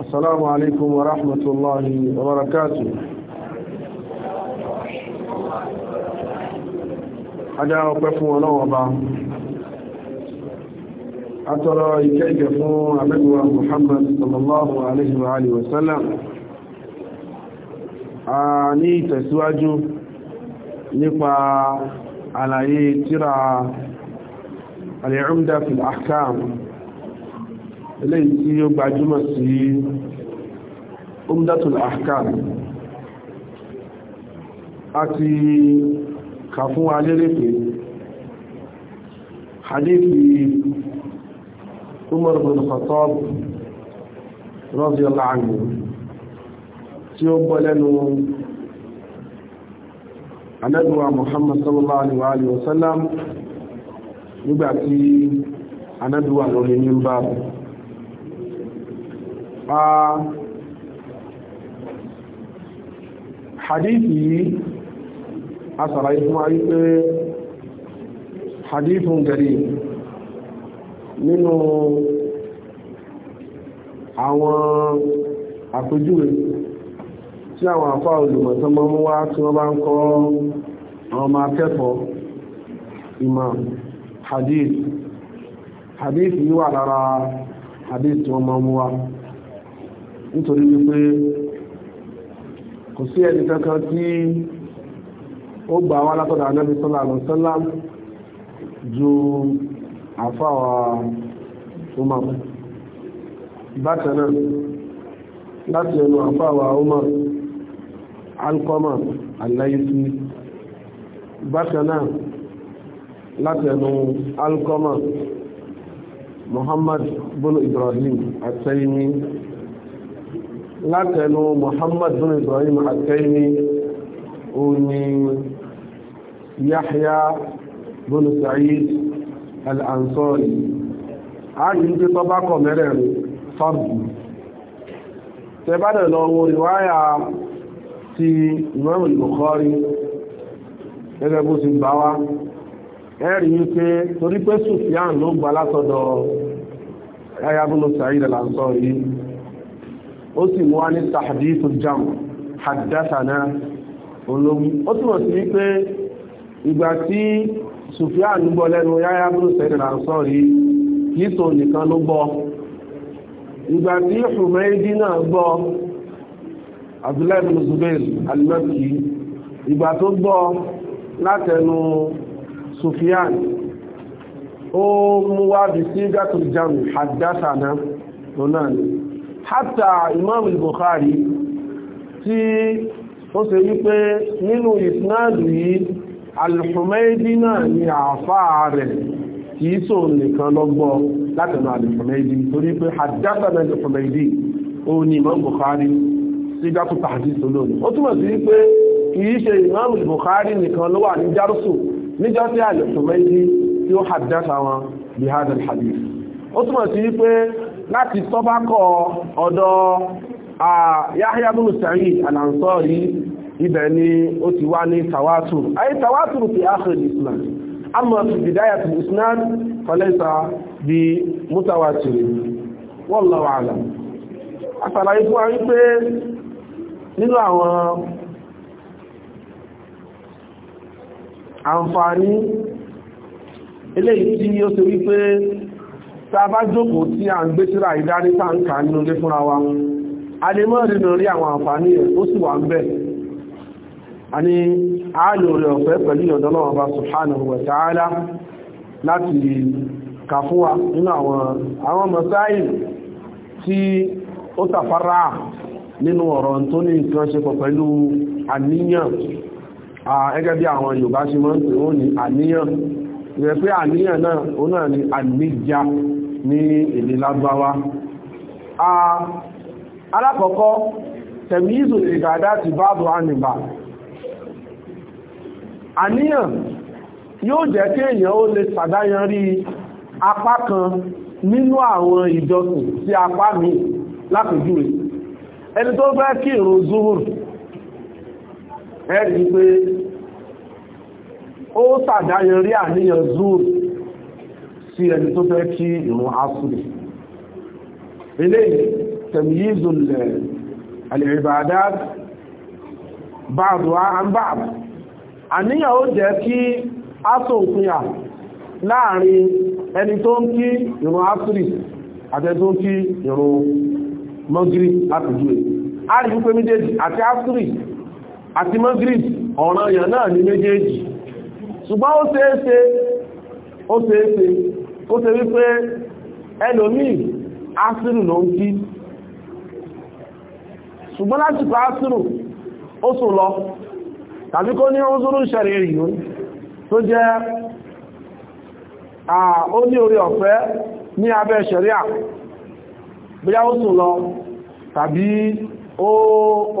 السلام عليكم ورحمة الله وبركاته أجا وقفوا نوبا أترى إكيك فون أبدوا محمد صلى الله عليه وآله وسلم أني tẹ̀síwájú nípa àlàyé tírà al في الأحكام eléyìí tí ó gbajúmọ̀ sí umdatul ahkam a ti kà fún wa lérè pé hadithi umar bin khattab radiyallahu anhu tí ó gbọ́ lẹ́nu anẹ́gbẹ̀wà muhammad sallallahu alaihi wasallam nígbàtí anẹ́gbẹ̀wà lórí ní báàbù hadithi yi a sàrà yìí fún wa hadithun gari nínú àwọn àpèjúwe tí àwọn àfá ọmọ hadith hadith yi hadith nítorí wípé kò sí ẹni kankan tí ó gbà wá látọ̀dọ̀ anábì sallallahu alaihi ju àfáwà Umar bákan náà láti ẹnu àfáwà Umar Alqama aláyísí bákan náà láti ẹnu Alqama Muhammad bin Ibrahim àtẹ́yìnmí látẹnu Muhammad bin Ibrahim àtẹ́ni òní Yahya bin Sa'id al-Ansari a rí ń pé tọ́bákọ̀ mẹ́rẹ̀rin fọ́bù tẹ́bádẹ̀ lọ wo ìwáyà ti Imam al-Bukhari gẹ́gẹ́ bó ti gbà wá ẹ̀rí wípé torí pé Sufyan ló gbà látọ̀dọ̀ ayábúlò Sa'id al yìí ó sì wá ní tàdífù jam haddathana olóhun ó túnmọ̀ sí wípé ìgbà tí Sufyan gbọ́ lẹ́nu yáyá bú sẹ́yìn àǹsọ́rí kìí tó nìkan ló gbọ́ ìgbà tí Humaydi náà gbọ́ Abdullahi Zubair al ìgbà tó gbọ́ látẹnu Sufyan ó mú wá bí sí gàtò jam haddathana hátà imam al-bukhari tí ó ṣe wípé nínú ìsinádù yìí al-humaydi náà ni àfáà rẹ̀ kìí sọ nìkan lọ́gbọ́ látẹ̀nà al-humaydi torí pé hadathana al-humaydi ó ní imam bukhari sí dákù tàbí sólóòrùn ó túnmọ̀ sí wípé kìí ṣe imam bukhari nìkan ló wà ní járùsù níjọ́ tí al-humaydi tí ó hadathana wọn bí hadith ó túnmọ̀ sí wípé láti sọ́bákọ̀ ọ̀dọ̀ Yahya bin Sa'id al ibẹ̀ ni ó ti wá ní tawátùrù ayé tawátùrù fi akhir islam amma fi bidayat al-isnad falaysa bi mutawatir wallahu a'lam àtàlàyé fún àrí pé nínú àwọn àǹfààní eléyìí tí ó wípé tá a bá jókòó tí a ń gbé síra ìdárí tá ń kà nínú ilé fúnra wa a lè mọ́ ìrìnà rí àwọn àǹfààní ẹ̀ ó sì wà ń bẹ̀ a ní rẹ̀ ọ̀fẹ́ pẹ̀lú ìyọ̀dọ́lọ́wọ́ wa ta'ala láti kà fún wa nínú àwọn àwọn mọ̀sáì tí ó tàfárá nínú ọ̀rọ̀ ìyẹn pé àníyàn náà ó náà ni àníjà ní èdè lágbáwá alákọ̀ọ́kọ́ tẹ̀míìzù ìgbàdá ti báàbù ánìbà àníyàn yóò jẹ́ kí èèyàn ó lè sàdáyan rí apá kan nínú àwọn ìjọsìn sí apá mi lápèjúwe ẹni tó fẹ́ kí ìrun zuhur ẹ̀rí pé ó sàdáyẹ rí àníyàn zuur sí ẹni tó fẹ́ kí ìrun asùrì eléyìí tẹ̀míyìzùn lẹ̀ alìrìbàdá báàdùá àmbáàbù àníyàn ó jẹ́ kí asòfinya láàrin ẹni tó ń kí ìrun asùrì àtẹ́ tó ń kí ìrun mọ́gírí látìjú ẹ̀ a rí wípé méjèèjì àti àti mọ́gírí náà ní méjèèjì ṣùgbọ́n ó ṣe é ṣe ó ṣe é ṣe ó ṣe wípé ẹlòmíì asírù ló ń kí ṣùgbọ́n lásìkò asírù ó sùn lọ tàbí kó ní oúnjẹ ìṣẹ̀rẹ̀ ìrìnú tó jẹ́ ó ní orí ọ̀fẹ́ ní abẹ́ ìṣẹ̀rẹ̀ à bóyá ó sùn lọ tàbí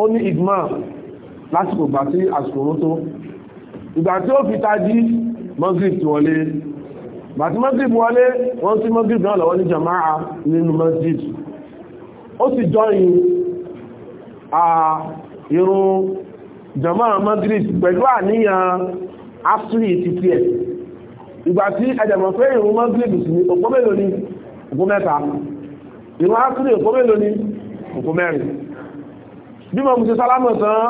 ó ní ìgbọ́n lásìkò gbà sí àsìkò tó ìgbà tí ó fi tají mọ́gírìb ti wọlé bàtí mọ́gírìb wọlé wọ́n sí mọ́gírìb náà lọ́wọ́ ní jama'a nínú mọ́gírìb ó sì jọyìn à irun jama'a mọ́gírìb pẹ̀lú àníyàn asiri títí ẹ̀ ìgbà tí ẹjẹ̀mọ̀ pé irun mọ́gírìb sí ní òpó mélòó ni òpó mẹ́ta irun asiri òpó mélòó ni òpó mẹ́rin bí mo mú sí sálámọ̀ tán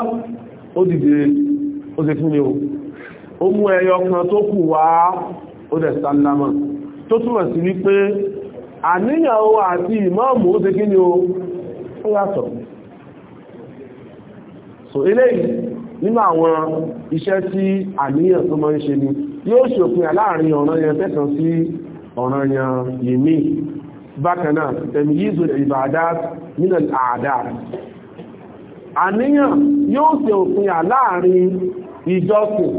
ó dìde ó sì fún mi o ó mú ẹyọ kan tó kù wá ó dẹ̀ sálámà tó túnmọ̀ sí wípé àníyàn o àti ìmáàmù ó ti kí ni o ó yàtọ̀ so eléyìí nínú àwọn iṣẹ́ tí àníyàn tó máa ń ṣe ni yóò ṣòpin láàrin ọ̀ràn yẹn tẹ́kan sí ọ̀ràn yẹn yìí bákanáà tẹ̀míyízo ìbàdá nínú àdá àníyàn yóò ṣe òpin ìjọsìn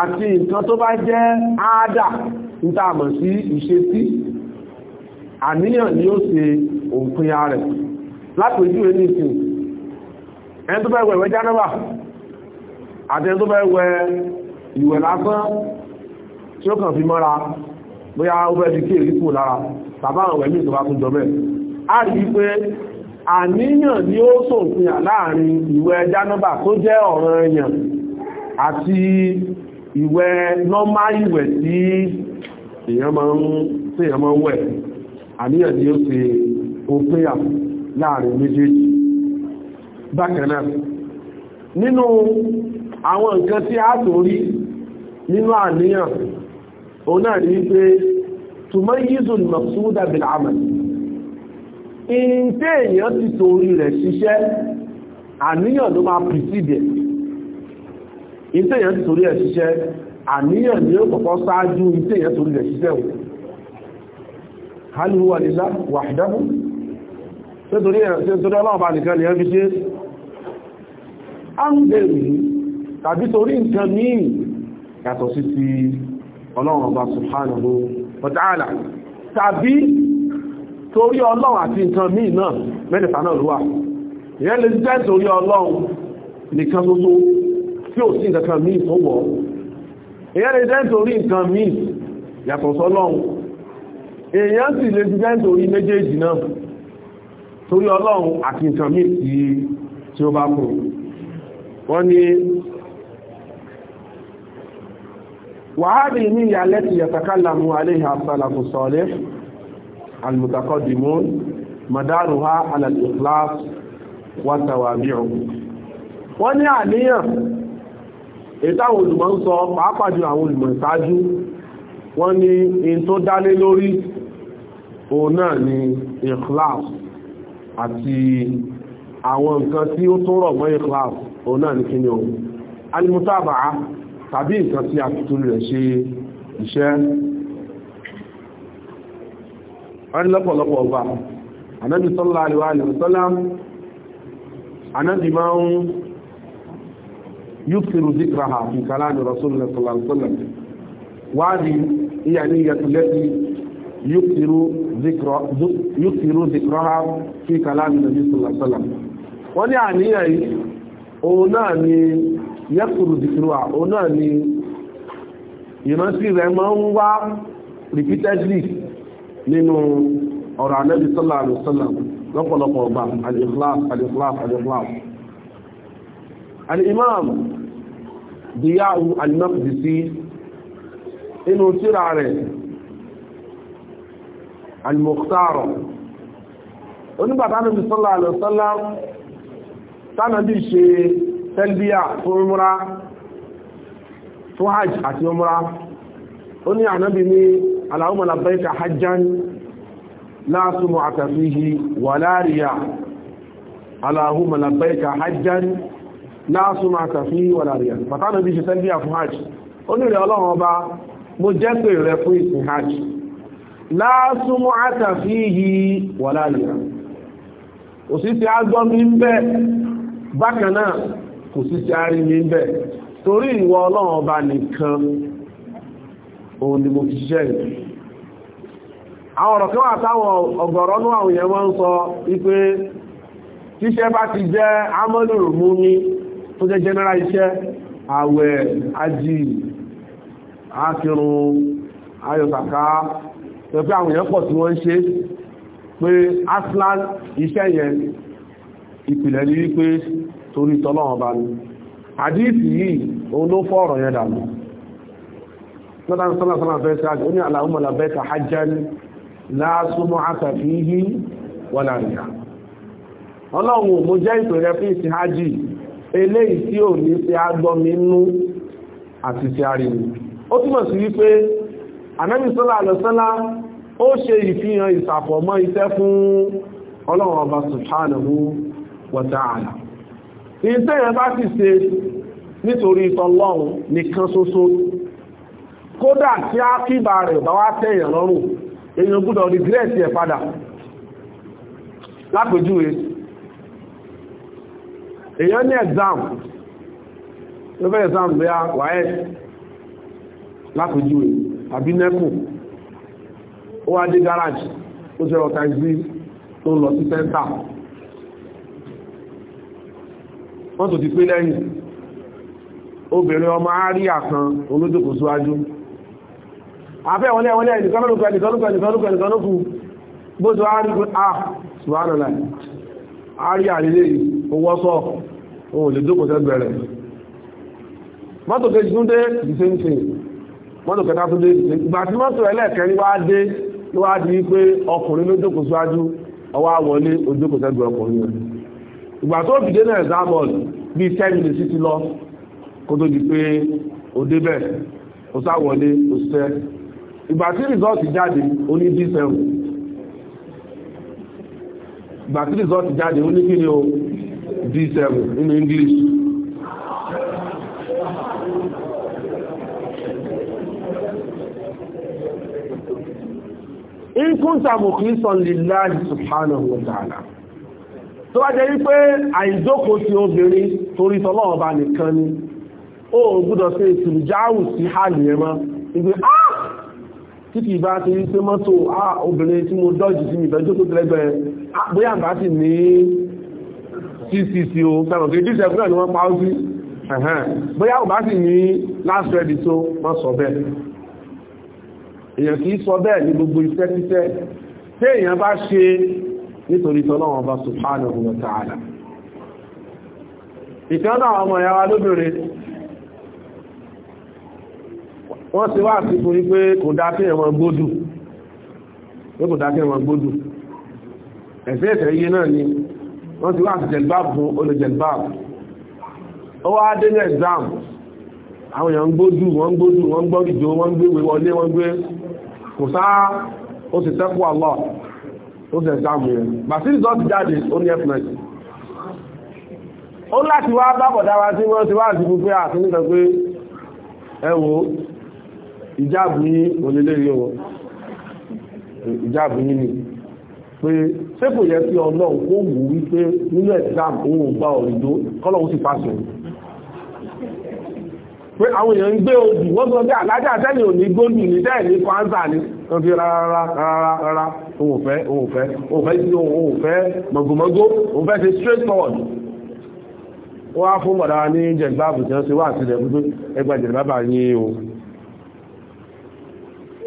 àti nǹkan tó bá jẹ́ àádà nítàmọ̀ sí ìṣesí àníyàn ni ó ṣe òpinya rẹ̀ lápòjú ẹni ìsìn ẹni tó bá wẹ̀ wẹ̀ jánàbà àti ẹni tó bá wẹ̀ ìwẹ̀ lásán tí ó kàn fi mọ́ra bóyá ó fẹ́ fi kí èrí kò lára tàbá àwọn ẹ̀mí ìtọ́bá tún jọ bẹ́ẹ̀ a rí pé àníyàn ni ó ṣòpinya ìwẹ̀ jánàbà ìwẹ̀ nọ́má ìwẹ̀ tí èyàn máa ń wẹ̀ àníyàn ni ó ṣe òpéyà láàrin méjèèjì bákanáà nínú àwọn nǹkan tí a tó rí nínú àníyàn òun náà ní pé túnmọ́ yízùn mọ̀súdà bil amal in tí èyàn ti torí rẹ̀ ṣiṣẹ́ àníyàn ló máa pìtìdẹ̀ ìtẹ́yàn ti torí ẹ̀ ṣiṣẹ́ àníyàn ni ó kọ́kọ́ sáájú ìtẹ́yàn torí ẹ̀ ṣiṣẹ́ wò hálùú wà nílá wà dábù tó torí ọlọ́run bá nìkan ni ẹ fi ṣe á ń bèèrè tàbí torí nǹkan míì yàtọ̀ sí ti ọlọ́run ọba subhanahu wa ta'ala tàbí torí ọlọ́run àti nǹkan míì tí ò sí nǹkan míì tó wọ̀ èyàn lè jẹ́ nítorí nǹkan míì yàtọ̀ sọ́lọ́run èyàn sì lè jẹ́ nítorí méjèèjì náà torí ọlọ́run àti nǹkan míì tí tí ó bá kù wọ́n ní wàhálì ní ìyàlẹ́ ti yàtàkálàmù aléhà sálàkù sọ́lẹ̀ almutakọ́dìmún madaruha alal ikhlas wàtàwàbíọ̀ wọ́n ní àníyàn ìtàwọn olùmọ̀ ń sọ pàápàá jù àwọn olùmọ̀ ìsáájú wọ́n ní in tó dálé lórí òun náà ni ikhlas àti àwọn nǹkan tí ó tó rọ̀ mọ́ ikhlas òun náà ni kíni o alimutaba'a tàbí nǹkan tí a tuntun rẹ̀ ṣe iṣẹ́ wọ́n lọ́pọ̀lọpọ̀ ọba anábi sallallahu alaihi wa sallam anábi máa ń يكثر ذكرها في كلام رسول الله صلى الله عليه وسلم وهذه هي النية التي يكثر ذكر يكثر ذكرها في كلام النبي صلى الله عليه وسلم وني àníyàn òun náà ni yẹ́kùrù dìkìrúwà òun náà ni ìrántí rẹ̀ máa ń wá repeatedly nínú ọ̀rọ̀ Ànábì sallallahu alaihi wasallam lọ́pọ̀lọpọ̀ ọgbà al-ikhlas al al-imam Diyahu al-Maqdisi inú tírà rẹ̀ al-Mukhtar onígbàtà Ànábì sallallahu alaihi wasallam tánàbí ṣe tẹ́lbíyà fún múra fún hajj àti umra ó ní ànábì ní Allahumma labbaika hajjan la sum'ata fihi wa la riya Allahumma labbaika hajjan láásùmọ̀ àkàfí wàlàríà bàtánà bí ṣe tẹ́lbíà fún hajj onírẹ̀ ọlọ́run ọba mo jẹ́ re fun hajj láásùmọ̀ àkàfí yi wàlàríà o si ti agbọ́ mi bákan naa, ti arí mi ń bẹ́ torí ọba nìkan ni mo fi ṣiṣẹ́ àwọn táwọn wọ́n ń sọ tíṣẹ́ bá tó jẹ́ general iṣẹ́ àwẹ̀ ajì ákìrún ayọ̀sàká pẹ̀pẹ́ àwọn èèyàn pọ̀ tí wọ́n ń ṣe pé aslan iṣẹ́ yẹn ìpìlẹ̀ ní wípé torí tọ́lọ́wọ́n bá ní àdíìsì yìí òun ló fọ́ yẹn dànù ọlọ́run mo jẹ́ ìpẹ̀rẹ̀ fún eléyìí tí ò ní ṣe agbọ́mi nú àti ṣe ariwo ó túmọ̀ sí wípé ànábì sọ́lá àlọ́sọ́lá ó ṣe ìfihàn ìsàfọ̀mọ́ iṣẹ́ fún ọlọ́run ọba subhanahu wa ta'ala iṣẹ́ yẹn bá sì ṣe nítorí tọlọ́run nìkan ṣoṣo kódà tí a kíbà rẹ̀ bá wá tẹ̀yàn lọ́rùn èèyàn gbọ́dọ̀ regret ẹ̀ padà lápèjúwe èyàn ní exam tó fẹ́ exam bí a wáyé lápòjúwé àbí nẹ́kù ó wá dé garage ó ṣe ọ̀tà ìsí tó lọ sí sẹ́ntà wọ́n tó ti pé lẹ́yìn obìnrin ọmọ àríyà kan olójókòó síwájú àfẹ́ wọlé wọlé ẹnìkan lókù ẹnìkan lókù ẹnìkan lókù bó àárí àrílé owósọ́ ohun lè jókòó sẹ́gbẹ̀rẹ̀ mọ́tò kejì tún dé the same thing mọ́tò kẹta tún dé ìgbà tí mọ́tò ẹlẹ́ẹ̀kẹ́rin wá dé ló wá di pé ọkùnrin ló jókòó síwájú ọwọ́ àwọlé ojókòó sẹ́gbẹ̀rẹ̀ ọkùnrin rẹ̀ ìgbà tó fìdé náà example bíi ten minutes ti lọ kó tó di pé ó débẹ̀ ó sáwọlé ó sẹ́ ìgbà tí gbà tí result jáde ó ní kí ni o D7 nínú English in kunta mukhlisan lillahi subhanahu wa ta'ala tó wá jẹ́ wípé àìjókòó ti obìnrin torí tọ́lọ́ọ̀bá nìkan ni ó gbọ́dọ̀ sí ìsìnjáwù sí hàlì ẹ̀mọ́ ìgbé ah tí kìí bá ti rí pé mọ́tò á ah, obìnrin tí mo dọ́jì sí mi ìtọ́jú tó tẹ́lẹ́gbẹ́ ah, bóyá bá sì ní ccc o sẹ́wọ̀n kìí díṣẹ́ fúnà ni wọ́n pa ó sí bóyá bá sì ní last ready tó wọ́n sọ bẹ́ẹ̀ èèyàn kìí sọ bẹ́ẹ̀ ní gbogbo iṣẹ́ títẹ́ tí èèyàn bá ṣe nítorí tọ́lọ́wọ́n bá subhanahu wa ta'ala ìtẹ́ọ́nà ọmọ ìyáwá lóbìnrin wọ́n ti wá sí fún wípé kò dá kí ẹ̀wọ̀n gbódù pé kò dá kí ẹ̀wọ̀n gbódù ẹ̀fẹ́ ẹ̀fẹ́ iye náà ni wọ́n ti wá sí jẹ̀lbáàbù fún olè jẹ̀lbáàbù ó wá dé ní exam àwọn èèyàn gbódù wọ́n gbódù wọ́n gbọ́ ìjó wọ́n gbéwé wọlé wọ́n gbé kò sá ó sì tẹ́kù àlọ́ ó sì exam yẹn bàtírí tó ti jáde ó ní f9 ó láti wá bá bọ̀dá wa tí wọ́n ti wá sí fún pé àtúntàn pé ẹ̀wọ̀ ìjáàbù yín olélẹ́rí o ìjáàbù yín ni pé ṣé kò yẹ kí ọlọ́run kó wù wípé nínú exam òun gba òrìdó kọ́lọ́run sì pàṣẹ pé àwọn èèyàn ń gbé obì wọ́n sọ pé àlájá tẹ́lẹ̀ ò ní gbóòdù ní tẹ́ẹ̀ ní kwanza ni wọ́n fi rárá rárá rárá òun fẹ́ òun fẹ́ òun fẹ́ sí òun fẹ́ mọ̀gòmọ́gó òun fẹ́ ṣe straight forward wọ́n á fún mọ̀dá ní jẹ̀gbáàbù tí wọ́n ṣe wá àti rẹ̀ wípé ẹgbẹ́ jẹ̀gbáàbà yín o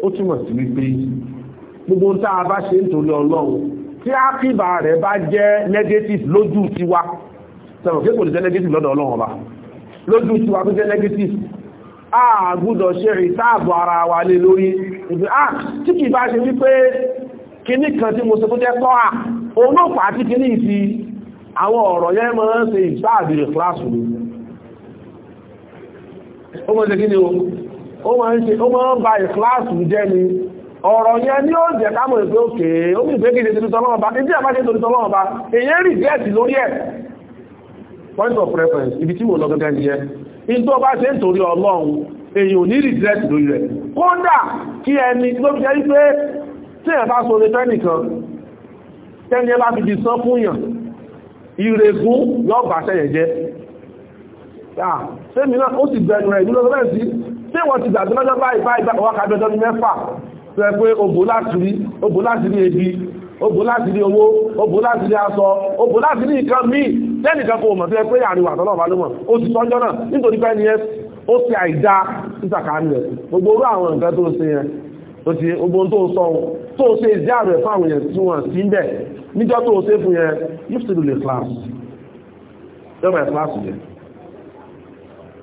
ó túmọ̀ sí wípé gbogbo tá a bá ṣe nítorí ọlọ́run tí ákìbà rẹ̀ bá jẹ́ negative lójú tiwa sọ̀rọ̀ kí kò lè jẹ́ negative lọ́dọ̀ ọlọ́run ọba lójú tiwa tó jẹ́ negative a gbúdọ̀ ṣe ìtaàbọ̀ ara wa lé lórí ìgbé ah tí kì bá ṣe wípé kíní kan tí mo sọ tó jẹ́ tọ́ à òun ló fà á tí kíní ìfi àwọn ọ̀rọ̀ yẹn máa ń ṣe ìsáàbìrì kíláàsì mi ó mọ́ ṣe kí ni o ó máa ń ṣe ó máa ń ba ìkláàsì jẹ́ ni ọ̀rọ̀ yẹn ní ó jẹ́ ká mọ̀ pé òkè ó mì pé kìí torí tọ́lọ́wọ́ bá kìí àbájẹ́ torí tọ́lọ́wọ́ bá èyí rí gẹ́ẹ̀sì lórí ẹ̀ point of preference. ibi tí wò lọ gẹ́gẹ́ ni yẹn in tó bá ṣe ń torí ọlọ́run èyí ò ní regret lórí rẹ̀ kódà kí ẹni tó fi jẹ́ wípé tí ẹ̀ bá so lè fẹ́ nìkan tẹ́ni ẹ bá fi di sán fún yàn ìrègún yọ́ gbàṣẹ́ yẹn jẹ́ sẹ́mi náà ó sì gbẹnu rẹ̀ ìlú lọ́gbẹ̀ẹ́ sí tí wọ́n ti dàbí lọ́jọ́ báyìí báyìí wọ́n kàbí ọjọ́ mẹ́fà tó ẹ pé obò láti rí obò láti rí ebi obò láti rí owó obò láti rí aṣọ obò láti rí nǹkan míì lẹ́nìkan kò mọ̀ tó ẹ pé àríwá tọ́lọ̀ bá ló mọ̀ ó ti tọ́jọ́ náà nítorí pé ẹni yẹn ó ti àìdá sísàkánì rẹ̀ gbogbo orú àwọn nǹkan tó ṣe yẹn ó ti gbogbo tó sọ tó ṣe ìdí ààrẹ fáwọn èèyàn tí wọ́n sí ń bẹ̀ níjọ́ tó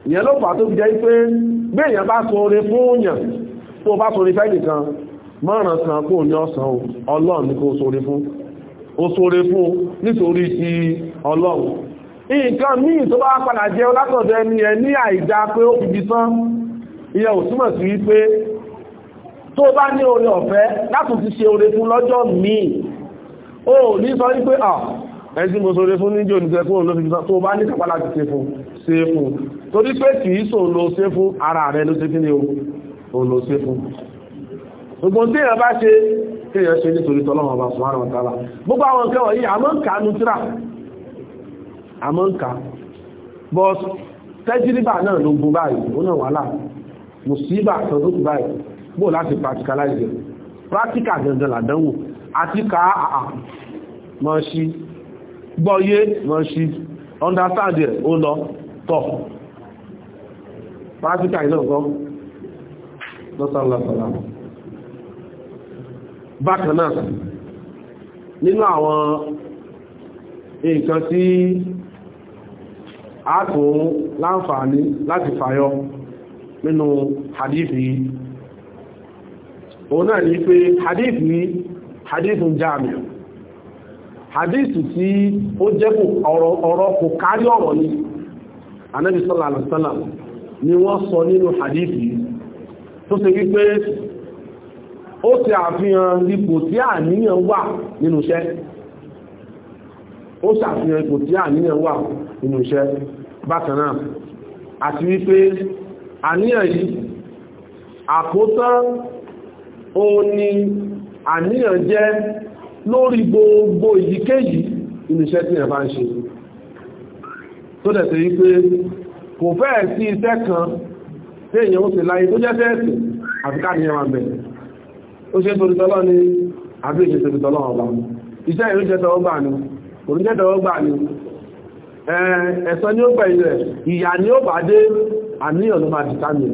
ìyẹn ló fà tó fi jẹ́ pé bí èèyàn bá sọ orin fún òyàn tó bá sọ orin fẹ́ẹ̀dì kan mọ́ràn kan kò ní ọ̀sán ọlọ́run ní kó sọ orin fún ó sọ orin fún nítorí ti ọlọ́run nǹkan míì tó bá padà jẹ́ látọ̀dọ̀ ẹni ẹ ní àìdá pé ó fi tán ìyẹn ò túmọ̀ sí wípé tó bá ní oore ọ̀fẹ́ láti ti ṣe oore fún lọ́jọ́ míì ó ní sọ wípé à ẹni mo sọ oore fún níjò ní sẹ́kùn ló tó bá ní kápá láti ṣe fún torí pé kì í sọ ló ṣe fún ara rẹ̀ ló ṣe kí ni o ló ṣe fún gbogbo tí èèyàn bá ṣe kí èèyàn ṣe nítorí tọ́lọ́wọ́n bá sùn àrùn tààlà gbogbo àwọn nǹkan wọ̀nyí àmọ́ ń kà á nutra àmọ́ ń kà á but tẹ́jìrìbà náà ló bu báyìí ó náà wà láà mùsíbà tọ́jú báyìí bó láti practicalize practical gangan làdánwò àti ká àà mọ́ sí gbọ́yé mọ́ understand ẹ̀ ó lọ tọ̀ fáfíkà iná nǹkan lọ́sànlọ́sànlá bákan náà nínú àwọn nǹkan tí a tún láǹfààní láti fàyọ nínú hadithi yìí òun náà ní pé hadith ní hadithun jamiu hadithu tí ó jẹ́ ọ̀rọ̀ kò kárí ọ̀rọ̀ ni anábi sallallahu alaihi wasallam ni wọ́n sọ nínú hadithi tó ṣe wípé ó ṣe àfihàn ipò tí àníyàn wà nínú iṣẹ́ ó ṣàfihàn ipò tí àníyàn wà nínú iṣẹ́ bákan náà àti wípé àníyàn yìí àkótán òun ni àníyàn jẹ́ lórí gbogbo ìyíkéyìí inú iṣẹ́ tí ẹ̀ bá ń ṣe tó dẹ̀ sí wípé kò fẹ́ẹ̀ sí iṣẹ́ kan tí èyàn ó ti láyé tó jẹ́ tẹ́ẹ̀sì àti káàkiri ẹwà bẹ̀ ó ṣe torí tọ́lọ́ ni àbí ìṣẹ́ torí tọ́lọ́ ọba iṣẹ́ ìlú jẹ́ tọwọ́ gbà ní òun jẹ́ tọwọ́ gbà ní ẹ̀sọ́ ni ó pẹ̀ ilẹ̀ ìyà ni ó bá dé àníyàn ló máa ti sáàmì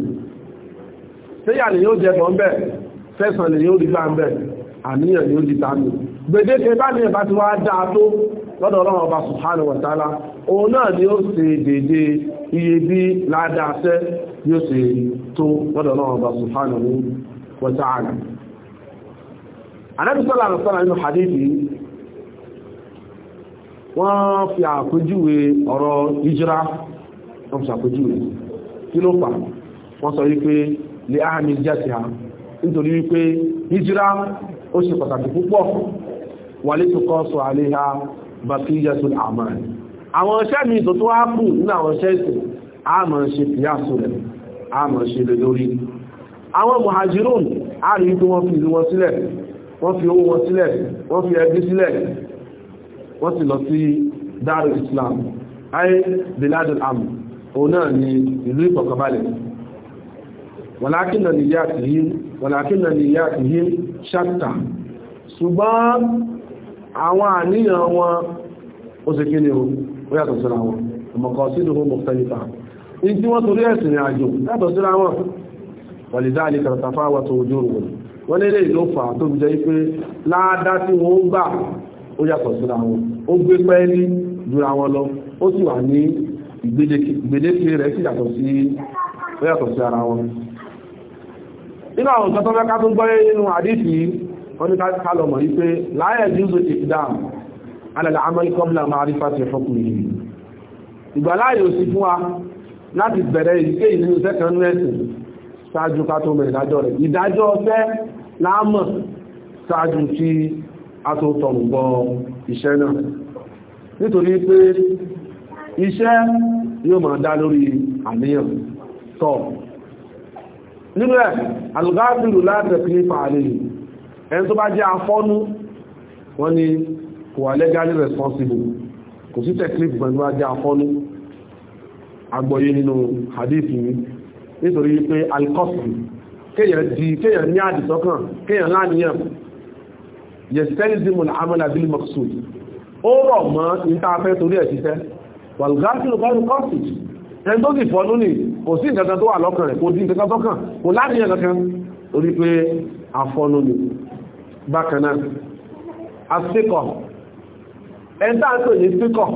síyà ni yóò jẹ́ tọ́ ń bẹ̀ fẹ́sàn ni yóò rí gbà ń bẹ̀ àníyàn ni ó ti sáàmì gbèdéke bá ní ẹ̀bá ti wá dáa tó lọ́dọ̀ ọlọ́run ọba subhanahu wa ta'ala òun náà ni ó ṣe dédé iye bí ládàáṣẹ́ yóò ṣe tó lọ́dọ̀ ọlọ́run ọba subhanahu wa ta'ala Ànábì sallallahu nínú hadithi wọ́n fi àpèjúwe ọ̀rọ̀ ìjírá wọ́n fi àpèjúwe kí ló wọ́n sọ wípé lè áhàmì jẹ́sì ha nítorí wípé ìjírá ó ṣe pàtàkì púpọ̀ wà lè tó kọ́ sọ baqiyatul a'mal àwọn iṣẹ́ mi tó tó wá kù nínú àwọn iṣẹ́ ìsìn a máa ṣe kìyàsù rẹ̀ a máa ṣe lè lórí àwọn muhajirun a rí pé wọ́n fi ìlú wọn sílẹ̀ wọ́n fi owó wọn sílẹ̀ wọ́n fi ẹbí sílẹ̀ wọ́n sì lọ sí darul islam ayé biladul amn òun ni ìlú ìfọ̀kànbalẹ̀ walakin naniyatihim walakin naniyatihim shatta ṣùgbọ́n àwọn àníyàn wọn ó sì kí ni o ó yàtọ̀ síra wọn ọmọkọ̀ sí ìdòwò mọ̀tẹ́lifà ní tí wọ́n torí ẹ̀sìn àjò yàtọ̀ síra wọn wàlìdá àlè kàtàfà wà tó ojú òun wọ́n lé lè ló fà tó fi jẹ́ pé láàdá tí wọ́n ń gbà ó yàtọ̀ síra wọn ó gbé pẹ́ẹ́lí jura wọn lọ ó sì wà ní ìgbèdéke rẹ̀ sì yàtọ̀ sí ó yàtọ̀ sí ara wọn nínú àwọn nǹkan tó fẹ́ ká tó gbọ́yé nínú àdéhìí wọ́n ní kálọ̀ mọ̀ wípé láyẹ̀ jùzù ìdáàmù alẹ́lẹ̀ amẹ́ríkọ́mìlà máa rí fásitì fọ́kùn yìí ìgbàláyè òsì fún wa láti bẹ̀rẹ̀ ìdíkẹ́ ìlú sẹ́kànnú ẹ̀sìn ṣáájú ká tó mẹ́rin ìdájọ́ rẹ̀ ìdájọ́ ọ̀fẹ́ láàmọ̀ ṣáájú tí a tó tọrùn bọ iṣẹ́ náà nítorí ẹni tó bá jẹ́ afọ́nú wọ́n ní kò wà legally responsible kò sí technique pẹ̀lú bá jẹ́ afọ́nú agbọ́yé nínú hadith yìí nítorí pé alkọ́sì kéèyàn di kéèyàn ní àdìsọ́kàn kéèyàn láníyàn yẹ̀sẹ́lìdìmọ̀ àmàlà bí mọ̀sùn ó rọ̀ mọ́ ìtafẹ́ torí ẹ̀ ṣiṣẹ́ wàlùgáṣìlù kọ́rù kọ́sì ẹni tó sì fọ́nú ní kò sí nǹkan tó wà lọ́kàn rẹ̀ kò dín nǹkan tọ́kàn kò láníyàn kankan torí pé afọ́nú ni bákanáà àsíkọ̀ ẹ̀ntà tó ní síkọ̀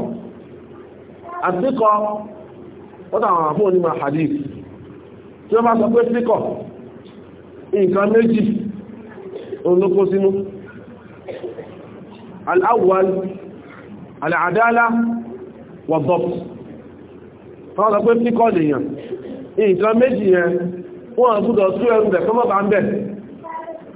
àsíkọ̀ ó tàwọn àpò onímọ̀ hadith tí ó bá sọ pé síkọ̀ nǹkan méjì olókó sínú al-awwal al-adala wọ́n sọ pé síkọ̀ lèyàn nǹkan méjì yẹn wọ́n gbọ́dọ̀ sí ẹrù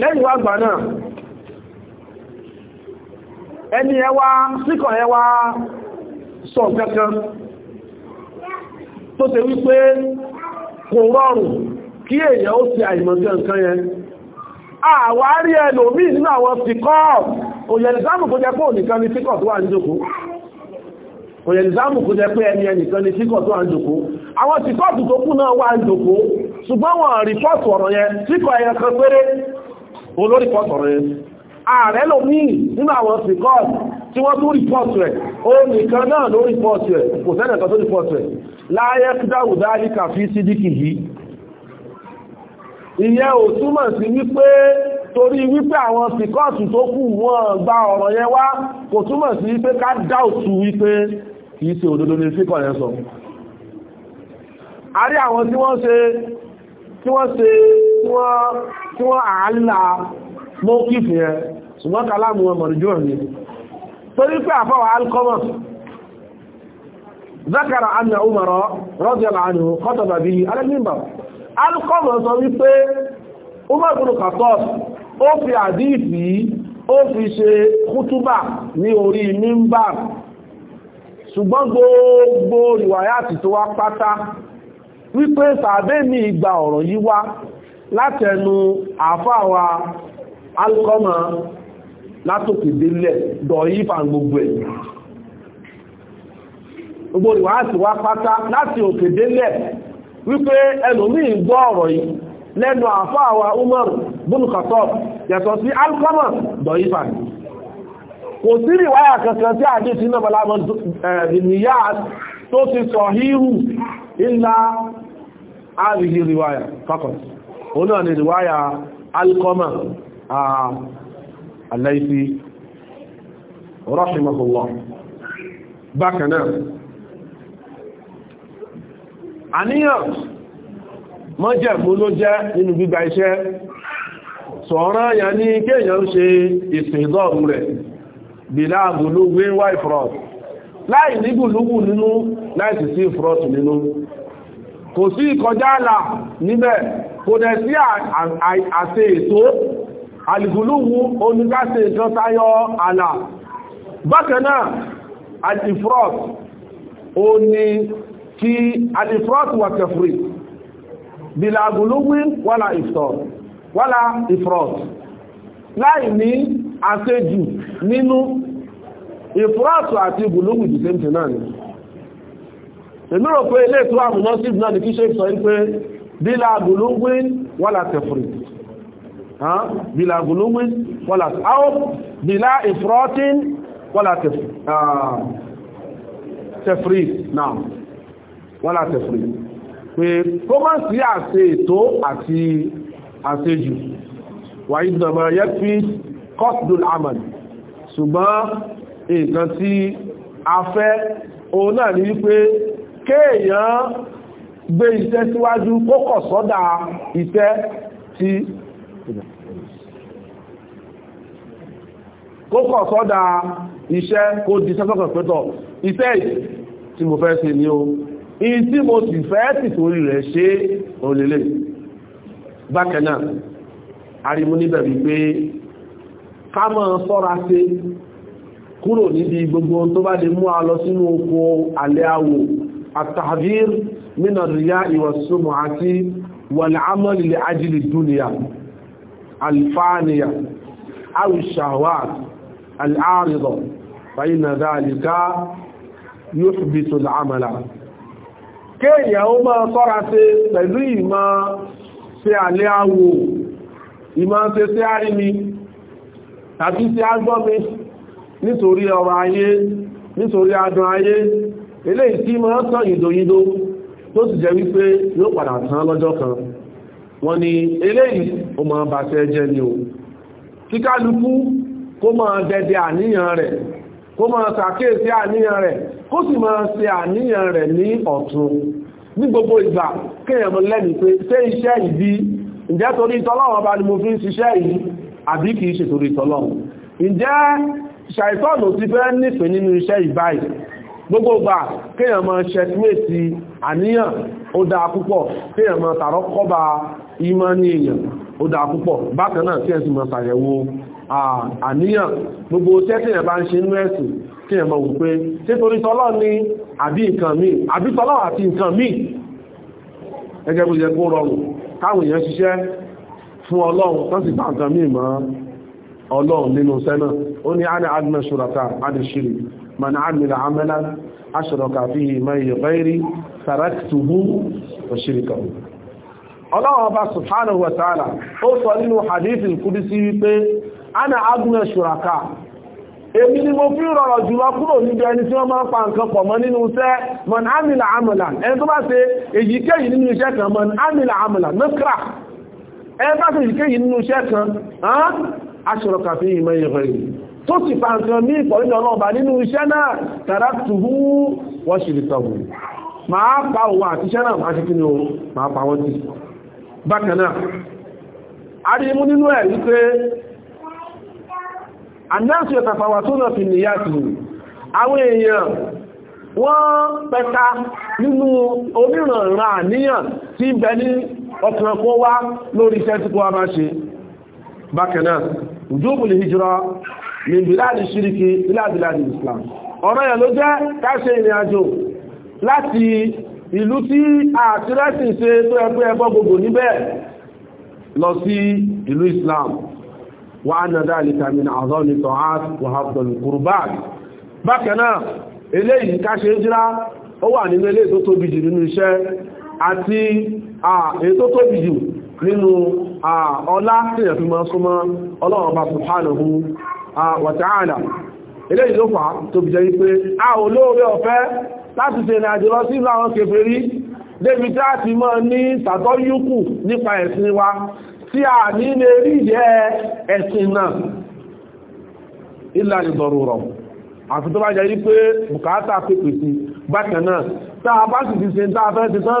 lẹ́yìn wá gbà náà ẹni ẹwà síkọ̀ ẹwà sọ kankan tó ṣe wípé kò rọrùn kí èyàn ó ti àìmọ̀gán nǹkan yẹn àwárí ẹlòmí nínú àwọn síkọ̀ òyẹ̀lìsáàmù jẹ́ pé ni síkọ̀ tó wà ní jòkó òyẹ̀lìsáàmù jẹ́ pé ẹni ẹnìkan ni síkọ̀ tó wà ní jòkó àwọn síkọ̀ tó kú náà wà ní jòkó ṣùgbọ́n ọ̀rọ̀ olórí pọ̀tọ̀rẹ́ ààrẹ ló ní nínú àwọn sìkọ́ọ̀t tí wọ́n tún rìpọ́ọ̀tù ẹ̀ ó nìkan náà ló rìpọ́ọ̀tù ẹ̀ kò sẹ́nà kan tó rìpọ́ọ̀tù ẹ̀ láyé dáwùdá alíkà fi sídíkì yìí ìyẹn ò túmọ̀ sí wípé torí wípé àwọn sìkọ́ọ̀tù tó kù wọ́n gba ọ̀rọ̀ yẹn wá kò túmọ̀ sí wípé ká dáùtù wípé kìí ṣe òdodo ní síkọ̀ yẹn sọ a rí àwọn tí wọ́n ṣe tí wọ́n àálà mọ́kífì ẹ ṣùgbọ́n kàlámù wọn mọ̀rìjú ọ̀nà torí pé àfọwà alkọ́mọ̀ zakara anna umar radiyallahu anhu khataba bihi alẹ́gbìmbà alkọ́mọ̀ sọ wípé umar ó fi wípé sàbẹ́ mi ìgbà ọ̀rọ̀ látẹnu àfáàwà alkọ́mà látòkè délẹ̀ dọ̀yí fà gbogbo ẹ̀ gbogbo ìwà wá pátá láti òkè délẹ̀ wípé ẹlòmí gbọ́ ọ̀rọ̀ yìí lẹ́nu àfáàwà Umar bin Khattab sí dọ̀yí kò sí ìwáyà kankan si àdé sí náà ìníyà tó ti sọ hírù fákọ̀tí òun náà ni ìwáyà alkọ́mà aláìsí rọ́ṣìmọ̀kùnlọ́ bákanáà àníyàn mọ́jẹ̀mú ló jẹ́ nínú gbígba iṣẹ́ sọ̀rọ̀ yà ní kéèyàn ń ṣe ìsìndọ́rù rẹ̀ bìlá àgbòlú wíwá ìfrọ̀t láì ní gbùlúgbù nínú láì sì sí ìfrọ̀t nínú kò sí ìkọjá àlà níbẹ̀ kò dẹ̀ sí àṣẹ ètò alìgbòlúwú onígbàṣẹ ìkan tayọ àlà bákanáà alifrot o ni kí alifrot wà kẹfìrí bílá agolówí wàlá ìfọ̀ wàlá ìfrot láì ní àṣejù nínú ìfrot àti ìgbòlúwú ìdíkẹ́ bílá gùlúngbín wọ́lá tẹ̀fùrì bílá gùlúngbín wọ́lá tẹ̀fùrì bílá ìfúrọ́tín wọ́lá tẹ̀fùrì ah, náà wọ́lá tẹ̀fùrì pé kó má sí àṣẹ ètò àti àṣejù wà ìdàmà yẹ́ fi kọ́sùdùn àmàn ṣùgbọ́n nǹkan tí a fẹ́ òun náà ní wípé kéèyàn gbé iṣẹ́ síwájú kókọ̀ sọ́dá iṣẹ́ tí kókọ̀ sọ́dá iṣẹ́ kó di sẹ́sọ́kọ̀ pẹ́tọ̀ iṣẹ́ tí mo fẹ́ ṣe ní o in tí mo sì fẹ́ sì torí rẹ̀ ṣe olèlè bákanáà arimu níbẹ̀ wípé ká mọ́ sọ́ra sí kúrò níbi gbogbo tó bá lè mú a lọ sínú oko alẹ́ àwò àtàbír mínà ríyá ìwọ̀súnmọ̀ àti wàl'ámọ́lìlẹ̀ ajílì dúnìyà alfáàníyà àwùṣàwà al'árìdọ̀ fàyínà dáàlìká yóò bí tó láàmàlà kéèyàn ó máa sọ́ra sí pẹ̀lú ìmá sí alẹ́ àwò ìmá sí sí àrími tàbí sí agbọ́mi nítorí ọrọ̀ ayé nítorí adùn ayé eléyìí tí máa sọ ìdòyìndó tó si jẹ́ wípé yóò padà tán lọ́jọ́ kan wọ́n ni eléyìí ó máa bá tẹ́ jẹ́ ni o kíkálukú kó máa dẹ̀dẹ̀ àníyàn rẹ̀ kó máa ṣàkíyèsí àníyàn rẹ̀ kó sì máa ṣe àníyàn rẹ̀ ní ọ̀tún ní gbogbo ìgbà kéèyàn mọ́ lẹ́nu ni fi gbogbo gbà kéèyàn máa ṣẹtúwèsì àníyàn ó dáa púpọ̀ kéèyàn máa tààrọ́ kọ́ba ìmọ̀ ní èèyàn ó dáa púpọ̀ bákan náà kí ẹ̀sìn máa ṣàyẹ̀wò àníyàn gbogbo iṣẹ́ kéèyàn bá ń ṣe nínú ẹ̀sìn kéèyàn máa wù pé ṣé torí tọ́lọ́ ni àbí nǹkan míì àbí tọ́lọ́ àti nǹkan míì ẹgẹ́ bó yẹ kó rọrùn káwọn èèyàn ṣiṣẹ́ fún ní àdìmẹ́ṣùràtà من عمل عملا أشرك فيه من غيري تركته وشركه الله أبا سبحانه وتعالى أوصل إنه حديث القدسي أنا أغنى الشركاء èmi ni mo fi rọrọ̀ jùlọ kúrò níbi ẹni tí wọ́n máa pa nǹkan pọ̀ mọ́ nínú iṣẹ́ man amila amalan ẹni tó bá ṣe èyíkéyìí nínú iṣẹ́ kan man amila amalan nukra ẹni tó bá ṣe èyíkéyìí nínú iṣẹ́ kan tó sì fàǹkan ní ìpọ̀lẹ́jọ́ ọlọ́ọ̀bà nínú iṣẹ́ náà tàrà tùhú wọ́n ṣe lè tọ̀wù máa pa òun àti iṣẹ́ náà máa ṣe kí ni o máa pa wọ́n tì bákan náà a rí mú nínú ẹ̀ wípé anáṣì ọ̀tàfàwà tó náà fi nìyà tù àwọn èèyàn wọ́n pẹta nínú onírànràn àníyàn min biladi ṣíríkì biladi islam ọ̀rọ̀ yẹ̀ ló jẹ́ káṣe ìrìn àjò láti ìlú tí àtírẹ́sì ṣe tó ẹgbẹ́ ẹgbọ́ gbogbo níbẹ̀ lọ sí ìlú islam wà ánàdá alìkàmì àzọ́ni tọ́hát wàhábdọ̀lù kùrùbáàdì bákanáà eléyìí káṣe jíra ó wà nínú ilé tó tóbi jù nínú iṣẹ́ àti èyí tó tóbi jù nínú ọlá tí ẹ̀fí máa súnmọ́ ọlọ́run bá subhanahu wàtàánà ilé ìlúfà tó fi jẹ́ a ò lóore ọ̀fẹ́ láti ṣe ìrìnàjò lọ sí láwọn kèfèrí débi tí a ti mọ́ ní sàtọ́ nípa ẹ̀sìn wa tí a ní lè rí jẹ́ ẹ̀sìn náà ilá ìdọ̀rù rọ̀ tó bá jẹ́ wípé pèpè sí bákan náà tá a bá sì ti ṣe tá a fẹ́ ti tán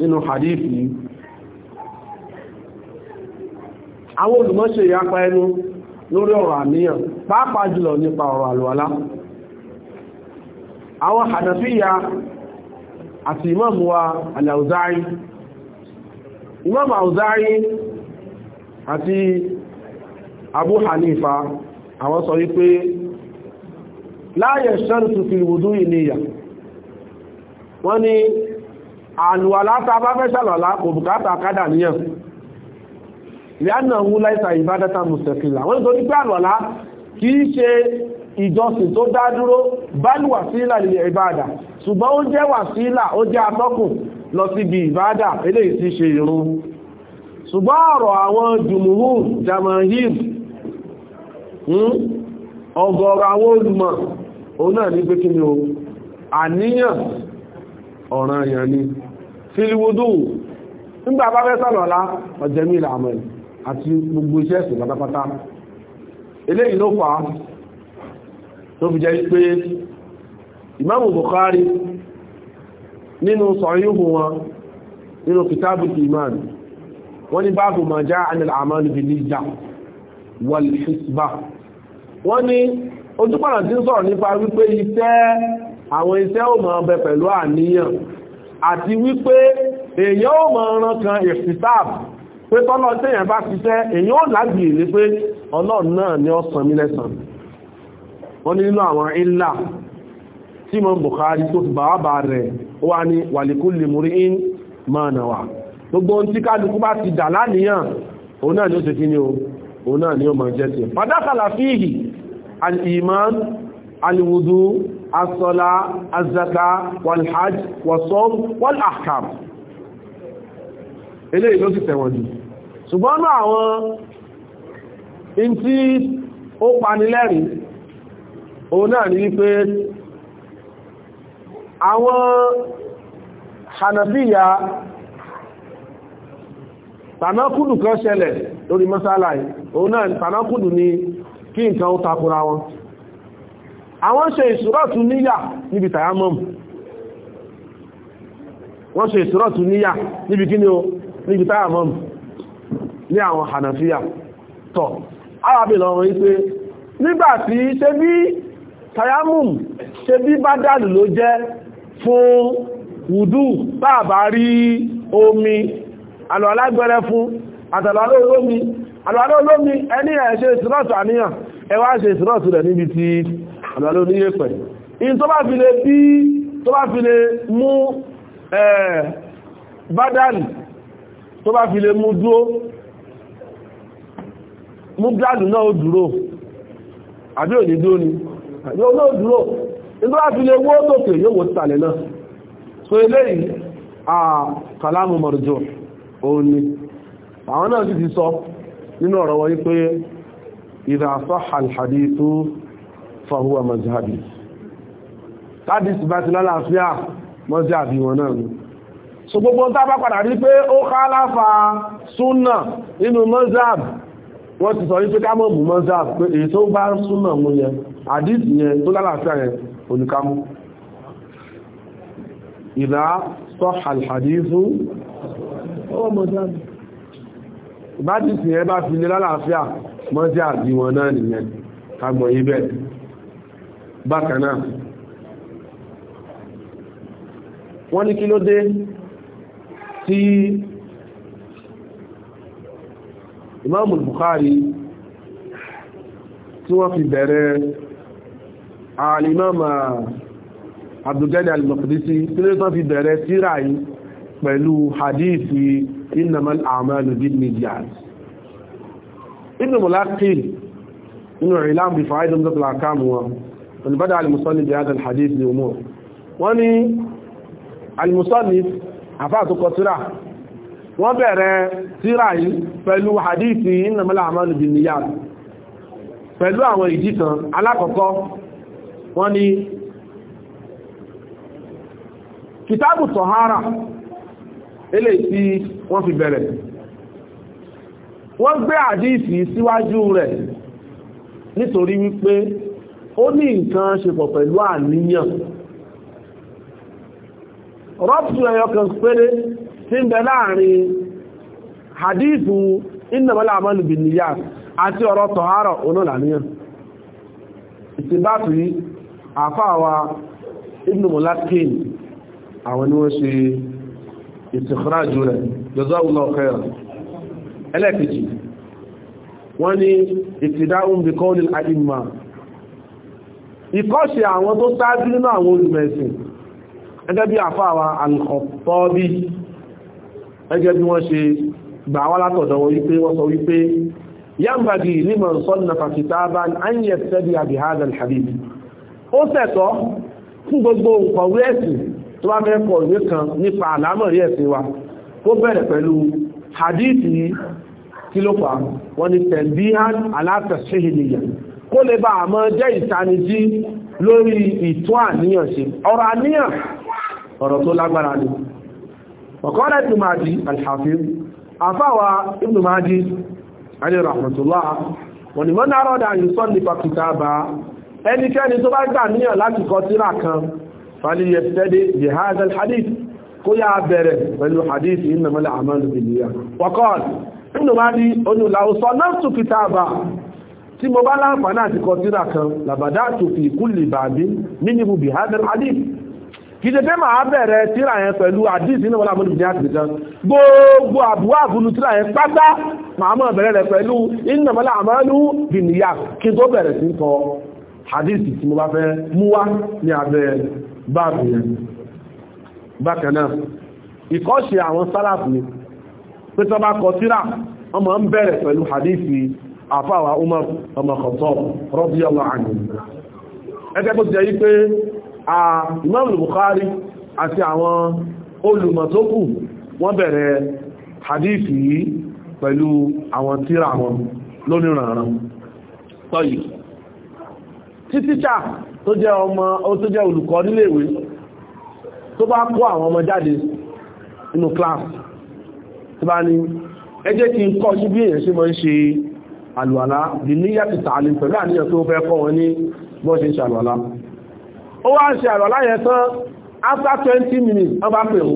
nínú hadithi àwọn olùmọ́ṣe ìyapa ẹnu lórí ọ̀rọ̀ àníyàn pàápàá jùlọ nípa ọ̀rọ̀ àlùwàlá àwọn hànàfíyà àti imam wa al-Awza'i imam Awza'i àti Abu Hanifa àwọn sọ wípé la yashtartu fil wudu'i niyya wọ́n ni àlùwàlá tá a bá fẹ́ ṣàlùwàlá kò bùkátà kádà níyàn ìyáàna wú láìsà ìbádátà mùsẹ̀kìlà wọ́n tó ní pé àlùwàlá kì í ṣe ìjọsìn tó dá dúró báyìí wàsílà lè ìbádà ṣùgbọ́n ó jẹ́ wàsílà ó jẹ́ atọ́kùn lọ síbi ìbádà eléyìí tí ṣe ìrun ṣùgbọ́n ọ̀rọ̀ àwọn jùmùhù jamahir hmm, ọgọ́rọ̀ àwọn olùmọ̀ òun náà ní pé kí ni o àníyàn ọ̀ranyàn ni filiwodo nígbà bá fẹ́ sọ̀rọ̀ ọ̀la ọ̀jẹ̀mí ìlàmọ̀ àti gbogbo iṣẹ́ ẹ̀sìn pátápátá eléyìí ló fà á tó fi jẹ́ pé ìmáàmù Bukhari nínú sọ̀yíhù wọn nínú kìtàbù iman wọ́n ní báàbù ma já anil àmàlù bí níjà wal hisba wọ́n ní ojúpànà àti wípé èyàn ò mọ̀ ọ̀ràn kan ìfìtàb pé tọ́lọ tí èyàn bá fiṣẹ́ èyàn ò lágbì ilé pé ọlọ́run náà ni ó san mí lẹ́san wọ́n ní nínú àwọn ilá tí mọ́ Bukhari tó fi bàbá rẹ̀ wà ní wàlíkúlì múrí in máa ni ó ṣe o òun náà ni ó mọ̀ jẹ́ sí fàdákàlà fíhì al-iman al-wudu الصلاة الزكاة والحج والصوم والأحكام ilé ìlú ti tẹ̀wọ̀n jù ṣùgbọ́n náà àwọn in tí ó panilẹ́rìn òun náà ní wípé àwọn hanafiya tànákùdù kan ṣẹlẹ̀ lórí mọ́sálà yìí òun náà tànákùdù ni kí nǹkan ó takura wọn àwọn ṣe ìṣúrọ̀tún níyà níbi tàyámọ́m wọ́n ṣe ìṣúrọ̀tún níyà níbi kí ni o níbi tàyámọ́m ní àwọn hànàfíà tọ̀ arábìnà wọn wípé nígbàtí ṣe bí tàyámọ́m ṣe bí bá dàlù ló jẹ́ fún wùdú bàbá rí omi àlọ́ alágbẹ̀rẹ̀ fún àtàlọ́ olómi àlọ́ olómi ẹni ẹ̀ ṣe ìṣúrọ̀tún àníyàn ẹ wá ṣe ìṣúrọ̀tún rẹ̀ níbi ti àlùwàlá oníyẹ̀pẹ̀ in tó bá fi lè bí tó bá fi lè mú bádàlì tó bá fi lè mú dúró mú bádàlì náà ó dúró àbí òní dúró ni yóò náà dúró in tó bá fi lè wó tòkè yóò wó tàlẹ̀ náà so eléyìí a kàlámù mọ̀rọ̀jọ́ òun ni àwọn náà sì ti sọ nínú ọ̀rọ̀ wọn wípé ìdàfà alhadithu fahuwa mazhabi tádìsì bá ti lálàáfíà mazhabi wọn náà ni so gbogbo tá bá padà rí pé ó kálàfà súnà nínú mazhab wọ́n ti sọ wípé kámọ̀ bù mazhab pé èyí tó bá súnà mú yẹn àdìsì yẹn tó lálàáfíà yẹn oníkámú ìlà sọ́hà alhadisu ọwọ́ mazhab ìbádìsì yẹn bá fi lé lálàáfíà mazhab wọn náà nìyẹn kagbọ̀nyí bẹ́ẹ̀ bákan náà wọ́n ní kí ló dé tí Imam Bukhari tí wọ́n fi bẹ̀rẹ̀ al-Imam uh, Abdul Ghani al-Maqdisi tí ló tán fi bẹ̀rẹ̀ síra yìí pẹ̀lú hadithi innamal a'malu bin-niyyat Ibn Mulaqqi inú I'lam bi fawaid Umdat olùbádà al-musannif bí hadha al-hadith li umur wọ́n ní al-musannif àfáàtúkọ tíra wọ́n bẹ̀rẹ̀ tíra yìí pẹ̀lú hadithi innamal a'malu binniyat pẹ̀lú àwọn ìdí kan alákọ̀ọ́kọ́ wọ́n ní kìtàbù tọ̀hárà eléyìí tí wọ́n fi bẹ̀rẹ̀ wọ́n gbé hadithi síwájú rẹ̀ nítorí wípé ó ní nǹkan ṣe pọ̀ pẹ̀lú àníyàn rọ́pù ẹyọkan péré tí ń bẹ láàrin hadithu innamal amalu binniyat àti ọ̀rọ̀ tọ̀hárọ̀ onúlàníyàn ìtìbátì àfáàwà Ibn Mulakin àwọn ni wọ́n ṣe ìtìkúrájú rẹ̀ jazawallahu khairan ẹlẹ́kìjì wọ́n ni ìtìdáhùn bí qawlil a'imma ìkọ́ṣe àwọn tó sáájú nínú àwọn olùmẹ̀sìn ẹgẹ́ bí àfáàwà alkọ̀tọ́bí ẹgẹ́ bí wọ́n ṣe gbà wá látọ̀dọ̀ wípé wọ́n sọ wípé yambagi liman sọ́nà fàkìtàbà an yẹ tẹ́bí àbíhádàn hadith ó sẹ̀tọ́ fún gbogbo nkọ̀wé ẹ̀sìn tó bá mẹ́kọ̀ ìwé kan nípa àlámọ̀rí ẹ̀sìn wa kó bẹ̀rẹ̀ pẹ̀lú hadith yìí kí ló fà wọ́n ni tẹ̀bíhán kó lè bá àmọ́ jẹ́ ìtanijí lórí ìtún àníyàn ṣe ọ̀rọ̀ àníyàn ọ̀rọ̀ tó lágbára ní ọ̀kọ́lẹ̀ Ibn Madi al-Hafiz afáwà Ibn Madi alayhi rahmatullah wọ́n ni wọ́n náà rọ́dà yìí sọ́n nípa kìtàbà ẹnikẹ́ni tó bá gbà níyàn láti kọ tírà kan faliyẹ̀tẹ́dẹ̀ Madi onílàúsọ náà tún kìtàbà tí mo bá láǹfààní àti kọtíra kan làbàdá àtòfì ìkúlì ìbàdí nínú bí hadar hadith kì í ṣe pé màá bẹ̀rẹ̀ tíra yẹn pẹ̀lú hadith nínú wọn àmúlùmí àti kan gbogbo àbúwá àbúlù tíra yẹn pátá màá mọ̀ bẹ̀rẹ̀ rẹ̀ pẹ̀lú innamal a'malu binniyah kí n tó bẹ̀rẹ̀ sí kọ hadith tí mo bá fẹ́ mú ní abẹ́ báàbù yẹn bákan náà ìkọ́ṣe àwọn sálàfù ni pé tó bá kọ tíra ọmọ ń bẹ̀rẹ̀ pẹ̀lú hadith àfáwà Umar ọmọ Khattab radiyallahu anhu ẹgbẹ́ bó ti jẹ́ wípé a Imam Bukhari àti àwọn olùmọ̀ tó kù wọ́n bẹ̀rẹ̀ hadith yìí pẹ̀lú àwọn tíra wọn lónìrànràn tọ́yì tí tíṣà tó jẹ́ ọmọ tó jẹ́ olùkọ́ níléèwé tó bá kó àwọn ọmọ jáde nínú class tó bá ní ẹ kí n kọ́ sí bí èèyàn ṣe mọ́ ń ṣe àlùwàlá bí níyà ti tààlì pẹ̀lú àníyàn tó fẹ́ kọ́ wọn ní bọ́ ṣe ṣàlùwàlá ó wá ń ṣe àlùwàlá yẹn tán after 20 minutes wọ́n bá pè ó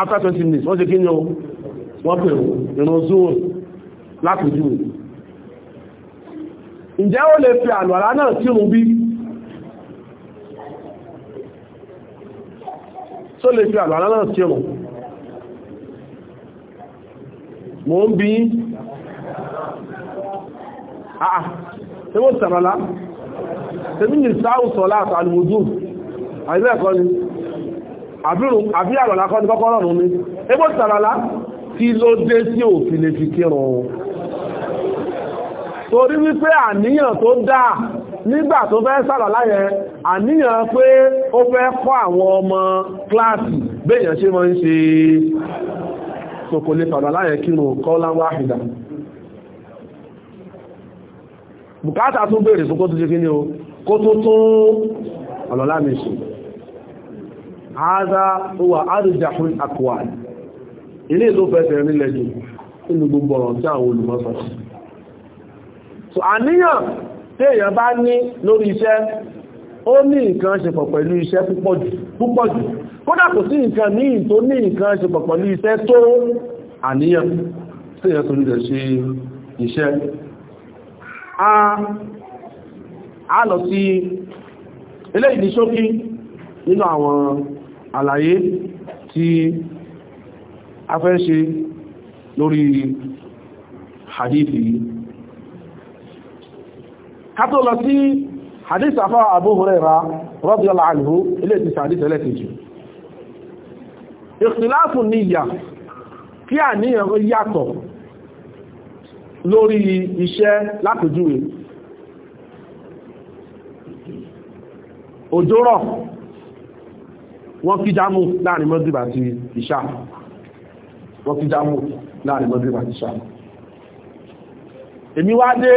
after 20 minutes wọ́n ṣe kí ni ó wọ́n pè ó ìrun zoon lápùjú ǹjẹ́ ó lè fi àlùwàlá náà kírun bí tó lè mo ń bí àà tí wọ́n sàrọ̀lá tẹ́bí ní sáàù sọ́lá àtàlùmùdù àìbẹ́ẹ̀kọ́ ni àbí àrọ̀lá kọ́ ní kọ́kọ́ rọrùn ni ẹgbọ́ sàrọ̀lá kí ló dé tí ò fi lè fi kírun torí wípé àníyàn tó dáa nígbà tó fẹ́ sàrọ̀lá yẹn àníyàn pé ó fẹ́ kọ́ àwọn ọmọ kíláàsì béèyàn ṣe mọ́ ń ṣe so kò lè fàdà láyẹ̀ kírun kọ́lá wáhìdà bùkátà tún bèèrè fún kó tó ṣe kí ní o kó tó tún ọ̀lọ́lá mi ṣe ààzá ó wà àrùjáhùn àkùwà ilé ìlú fẹ́sẹ̀ nílẹ̀ jù nínú gbogbo ọ̀rọ̀ tí àwọn olùmọ́sọ̀ so àníyàn tí èèyàn bá ní lórí iṣẹ́ ó ní nǹkan ṣe pọ̀ pẹ̀lú iṣẹ́ púpọ̀ jù kódà kò sí nǹkan ní tó ní nǹkan ṣe pọ̀ pẹ̀lú iṣẹ́ tó àníyàn tí èyàn tó nílẹ̀ ṣe iṣẹ́ a lọ sí ilé ìdí ṣókí nínú àwọn àlàyé tí a fẹ́ ṣe lórí hadithi yìí ká tó lọ sí hadith afa abu huraira radiyallahu anhu ilé ti hadith ẹlẹ́kejì ìkìláàfù níyà kí àníyàn yàtọ̀ lórí iṣẹ́ lápèjúwe òjòrọ̀ wọ́n kí jámù láàrin mọ́gbìbà àti ìṣà wọ́n kí jámù láàrin mọ́gbìbà àti ìṣà èmi wá De,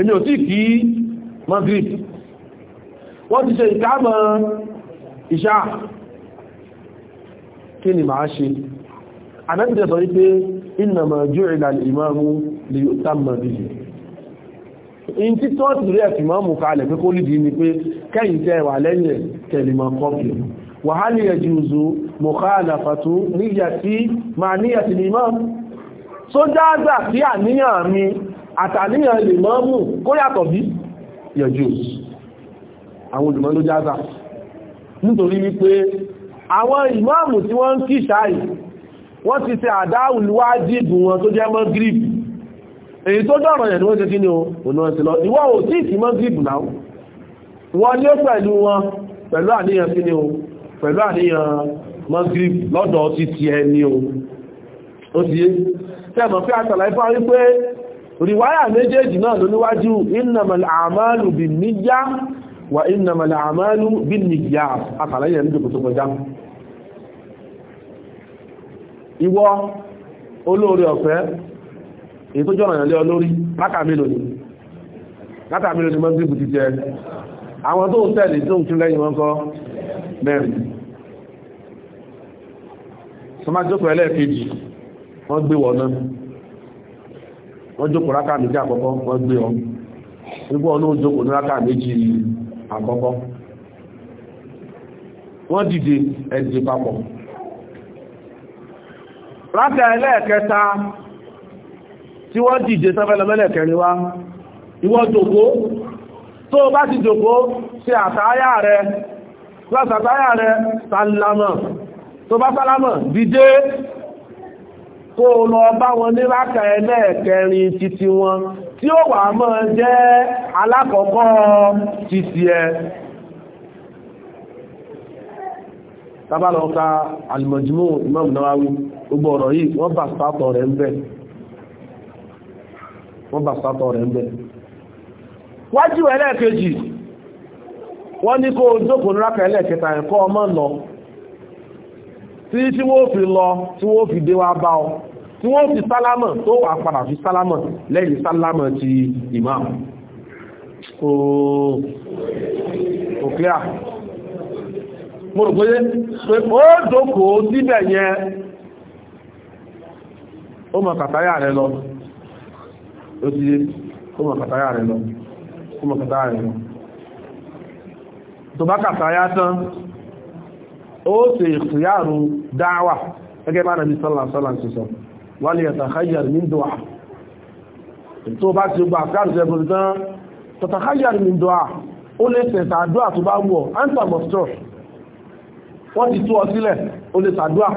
èmi ò tí kìí Madrid wọ́n ti ṣe ìkámọ̀ ìṣá kí ni máa ṣe anábìtẹ̀ sọ wípé innama ju'ila al-imamu liyutamma bihi in tí tọ́ọ̀tì rí ẹ̀fì máa mú kalẹ̀ pé kó lìdí ni pé kẹ́yìn tẹ́ wà lẹ́yìn kẹlìmọ̀ kọfì wa hal yajuzu mukhalafatu niyyati ma'a niyyati al-imam àtàníyàn lè máa mú kó yàtọ̀ bí yẹjús àwọn olùmọ́ ló jáza nítorí wípé àwọn ìmáàmù tí wọ́n ń kí ṣáì wọ́n ti ṣe àdáhùn wájíbù wọn tó jẹ́ mọ́ gírípù èyí tó dọ̀rọ̀ yẹ̀ ni wọ́n ti kí ni ọ̀nà ẹ̀sìn lọ ìwọ́ ò tí ìsìn mọ́ gírípù náà wọ́n ní ó pẹ̀lú wọn pẹ̀lú àníyàn kí ni o pẹ̀lú àníyàn mọ́ gírípù lọ́dọ̀ ti ti ẹni o ó ti yé tẹ́mọ̀ fẹ́ àtàlà ipá wípé riwaya méjèèjì náà ló níwájú innamal a'malu bin niyya wa innamal a'malu bin niyya àtàlẹ́yẹ ní jòkó tó kọjá ìwọ olóore ọ̀fẹ́ èyí tó jọ́nà ìyànlẹ́ olórí látàmílò ní látàmílò ní mọ́sílùkù ti jẹ àwọn tó ń tẹ̀lé tó ń tún lẹ́yìn wọn kọ́ mẹ́rin sọmájókòó ẹlẹ́ẹ̀kejì wọ́n gbé wọ̀ náà wọ́n jókòó rákà méjì àkọ́kọ́ wọ́n gbé ọ nígbà ọlọ́run jókòó ní rákà méjì àkọ́kọ́ wọ́n dìde ẹ̀dì papọ̀ rákà ẹlẹ́ẹ̀kẹta tí wọ́n dìde sáfẹ́lẹ́mẹ́lẹ̀kẹrin wá ìwọ jókòó tó bá ti jókòó ṣe àtàyà rẹ lọ́sàtàyà rẹ sálámà tó bá sálámà dìde kó lọ bá wọn ní rákà ẹlẹ́ẹ̀kẹrin títí wọn tí ó wà mọ́ jẹ́ alákọ̀ọ́kọ́ títí ẹ tábàlọ́ka alìmọ̀júmọ́ Imam Nawawi gbogbo ọ̀rọ̀ yìí wọ́n bà sátọ̀ rẹ̀ ń bẹ̀ wọ́n bà sátọ̀ rẹ̀ ń bẹ̀ wájú ẹlẹ́ẹ̀kejì wọ́n ní kó jókòó ẹ̀kọ́ ọmọ lọ tí tí wọ́n fi lọ tí wọ́n fi dé wá bá ọ tí wọ́n fi sálámọ̀ tó wà padà fi sálámọ̀ lẹ́yìn sálámọ̀ ti imam kò mo rò pé pé ó dókò síbẹ̀ yẹn ó mọ̀ kàtàyà rẹ lọ ó ti ó mọ̀ kàtàyà rẹ lọ ó mọ̀ kàtàyà rẹ ó ṣe ìkìyàrù dáwà gẹ́gẹ́ bá nàbí sọ́làsọ́là ti sọ wà ní ẹ̀tàkáyàrù ní dùà tó bá ti gbà káàrù sẹ́gun tán tàtàkáyàrù ní dùà ó lè tẹ̀sà àdúà tó bá wù ọ́ áńtà mọ̀sítọ̀ wọ́n ti tú ọ sílẹ̀ ó lè sàdúà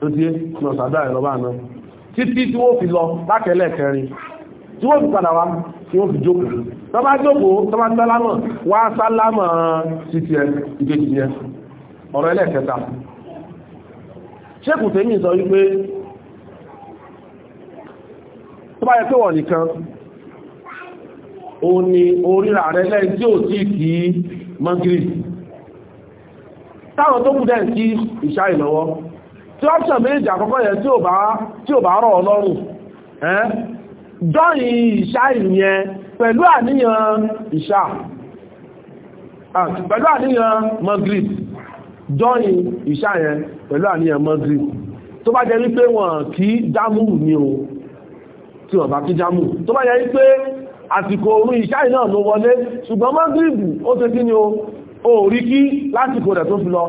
tó ti lọ sàdúà ẹ̀rọ bá náà títí tí wọ́n fi lọ lákẹ́lẹ̀ kẹrin tí wọ́n fi padà wá tí wọ́n fi jókòó tọ́bá jókòó tọ́bá sálámọ̀ wá sálámọ̀ títí ẹ ìgbéjì ẹ ọ̀rọ̀ ẹlẹ́ẹ̀kẹta ṣékù tèmi sọ wípé tó bá yẹ pé wọ̀ nìkan o ni oríra rẹ lẹ́yìn tí ò tí kí mọ́gírì táwọn tó kù dẹ̀ ìṣá ìlọ́wọ́ tí ọ́pṣọ̀n méjì àkọ́kọ́ yẹn tí ò bá rọ̀ ọlọ́rùn dọ́yìn ìṣá ìyẹn pẹ̀lú àníyàn ìṣá pẹ̀lú àníyàn mọ́gírì jọ́yìn ìṣá yẹn pẹ̀lú àníyàn mọ́dí tó bá jẹ́ wípé wọ́n kí jámù ní o tí wọ́n bá kí jámù tó bá jẹ́ wípé àsìkò orun ìṣá yìí náà ló wọlé ṣùgbọ́n mọ́díìbù ó ṣe kí ni o ò rí kí lásìkò rẹ̀ tó fi lọ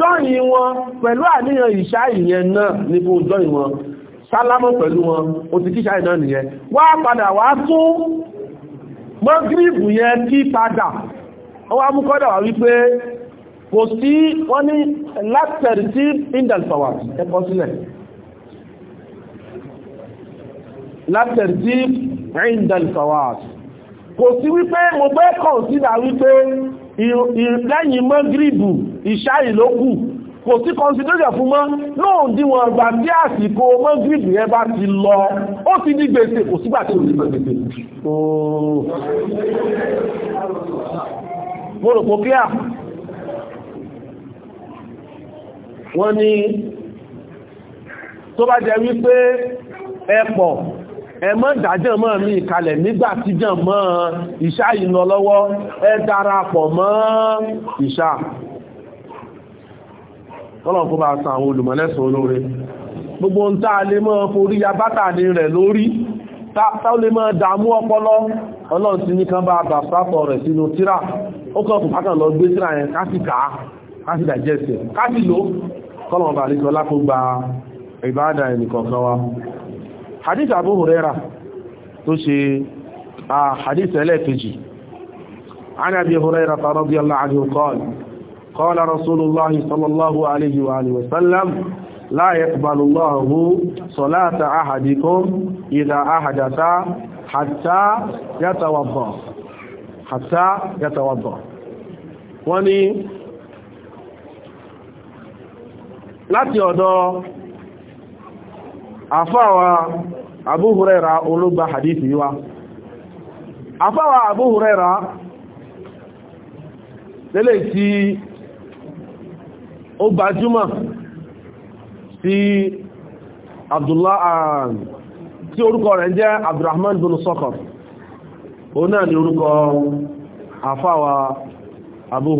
jọ́yìn wọn pẹ̀lú àníyàn ìṣá ìyẹn náà ní kó jọ́yìn wọn sálámọ̀ pẹ̀lú wọn ó ti kíṣà ìná nìyẹn wá padà wá tún mọ́gíríbù yẹn kí padà ó wá mú kọ́dà wá wípé kò sí wọ́n ní látẹ̀rì tí indalfawa ẹkọ́ sílẹ̀ látẹ̀rì tí indalfawa kò sí wípé mo fẹ́ kàn sídà wípé lẹ́yìn mọ́gírìbù ìṣá ìlókù kò sí consideration fún mọ́ náà díwọ̀n ọgbà tí àsìkò mọ́gírìbù yẹn bá ti lọ ó ti ní gbèsè kò sígbà tí ò ní gbèsè mo rò pé kí à wọ́n ní tó bá jẹ wípé ẹpọ̀ ẹmọ́ ìdájọ́ mọ́ mi ìkalẹ̀ nígbà tíjọ́ mọ́ ìṣá ìlọ lọ́wọ́ ẹ darapọ̀ mọ́ ìṣá tọ́lọ̀ kó bá san àwọn olùmọ̀lẹ́sùn olóore gbogbo ń táa lè mọ́ forí abátàdé rẹ̀ lórí táa lè mọ́ dàmú ọpọlọ ọlọ́run ti ní kan bá bàbá pọ̀ rẹ̀ sínú tíra ó kọ́ káàkì dàjẹ́sẹ̀ káàkì ló kọ́lọ̀mọ̀bà àríkọ́ lápò gba ìbáadà ẹnìkọ̀ọ̀kan wa hadith Abu Hurairah tó ṣe a hadith ẹlẹ́ẹ̀kejì عن أبي هريرة رضي الله عنه قال قال رسول الله صلى الله عليه وسلم لا يقبل الله صلاة أحدكم إذا أحدث حتى يتوضأ حتى يتوضأ wọ́n ni láti ọ̀dọ̀ àfáwà Abu Huraira olóba hadithi wa àfáwà Abu Huraira lélè tí ó gbajúmọ̀ sí Abdullah tí orúkọ rẹ̀ jẹ́ Abdurrahman bin Sakhr òun náà ni orúkọ àfáwà Abu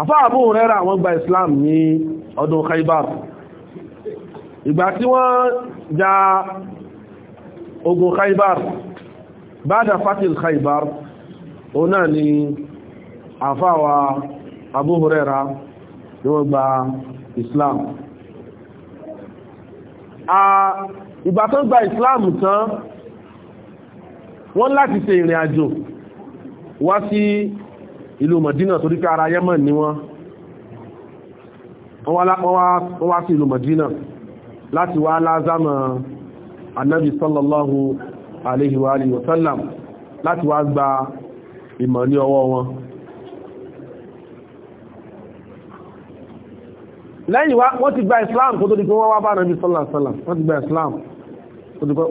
àfá Abu Hurairah àwọn gba Islam ní ọdún Khaibar ìgbà tí wọ́n ja ogun Khaibar bada fatil Khaibar o náà ni àfá wa Abu Hurairah ni wọ́n gba Islam ìgbà tó gba Islam tán wọ́n láti ṣe ìrìn àjò wá sí ìlú Mọ̀dínà torí pé ara Yemen ni wọ́n wọ́n wá sí ìlú Mọ̀dínà láti wá lázàmà annabi sallallahu alaihi wa alihi wasallam láti wá gba ìmọ̀ ní ọwọ́ wọn lẹ́yìn wá wọ́n ti gba Islam kó tó di pé wọ́n wá bá nàbí sallallahu alaihi wasallam wọ́n ti gba Islam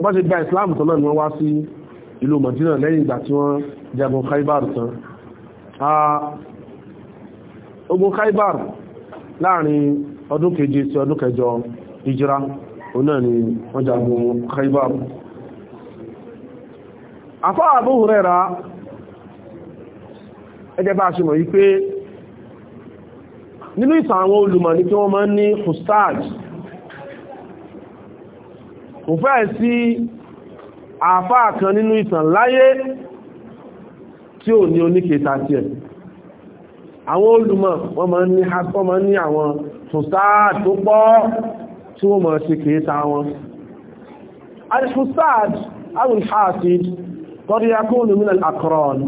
wọ́n ti gba Islam tó náà ni wọ́n wá sí ìlú Mọ̀dínà lẹ́yìn ìgbà tí wọ́n jagun Khaibar tán ogun Khaibar láàrin ọdún keje sí ọdún kẹjọ ìjírá onáà ni wọ́n jagun Khaibar afọ́ Abu Huraira ẹjẹ́ bá ṣe mọ̀ yí pé nínú ìtàn àwọn olùmọ̀ ní kí wọ́n máa ní hustad kò fẹ́ sí àfáà kan nínú ìtàn láyé tí ò ní oníkẹta tí ẹ̀ àwọn olùmọ̀ wọ́n máa ní hapọ́ máa ní àwọn tùsáà tó pọ̀ tí wọ́n máa ṣe kẹta wọn alifusad àwọn ìhàsìd tọ́rí akóòlù mínà àkọrọ̀n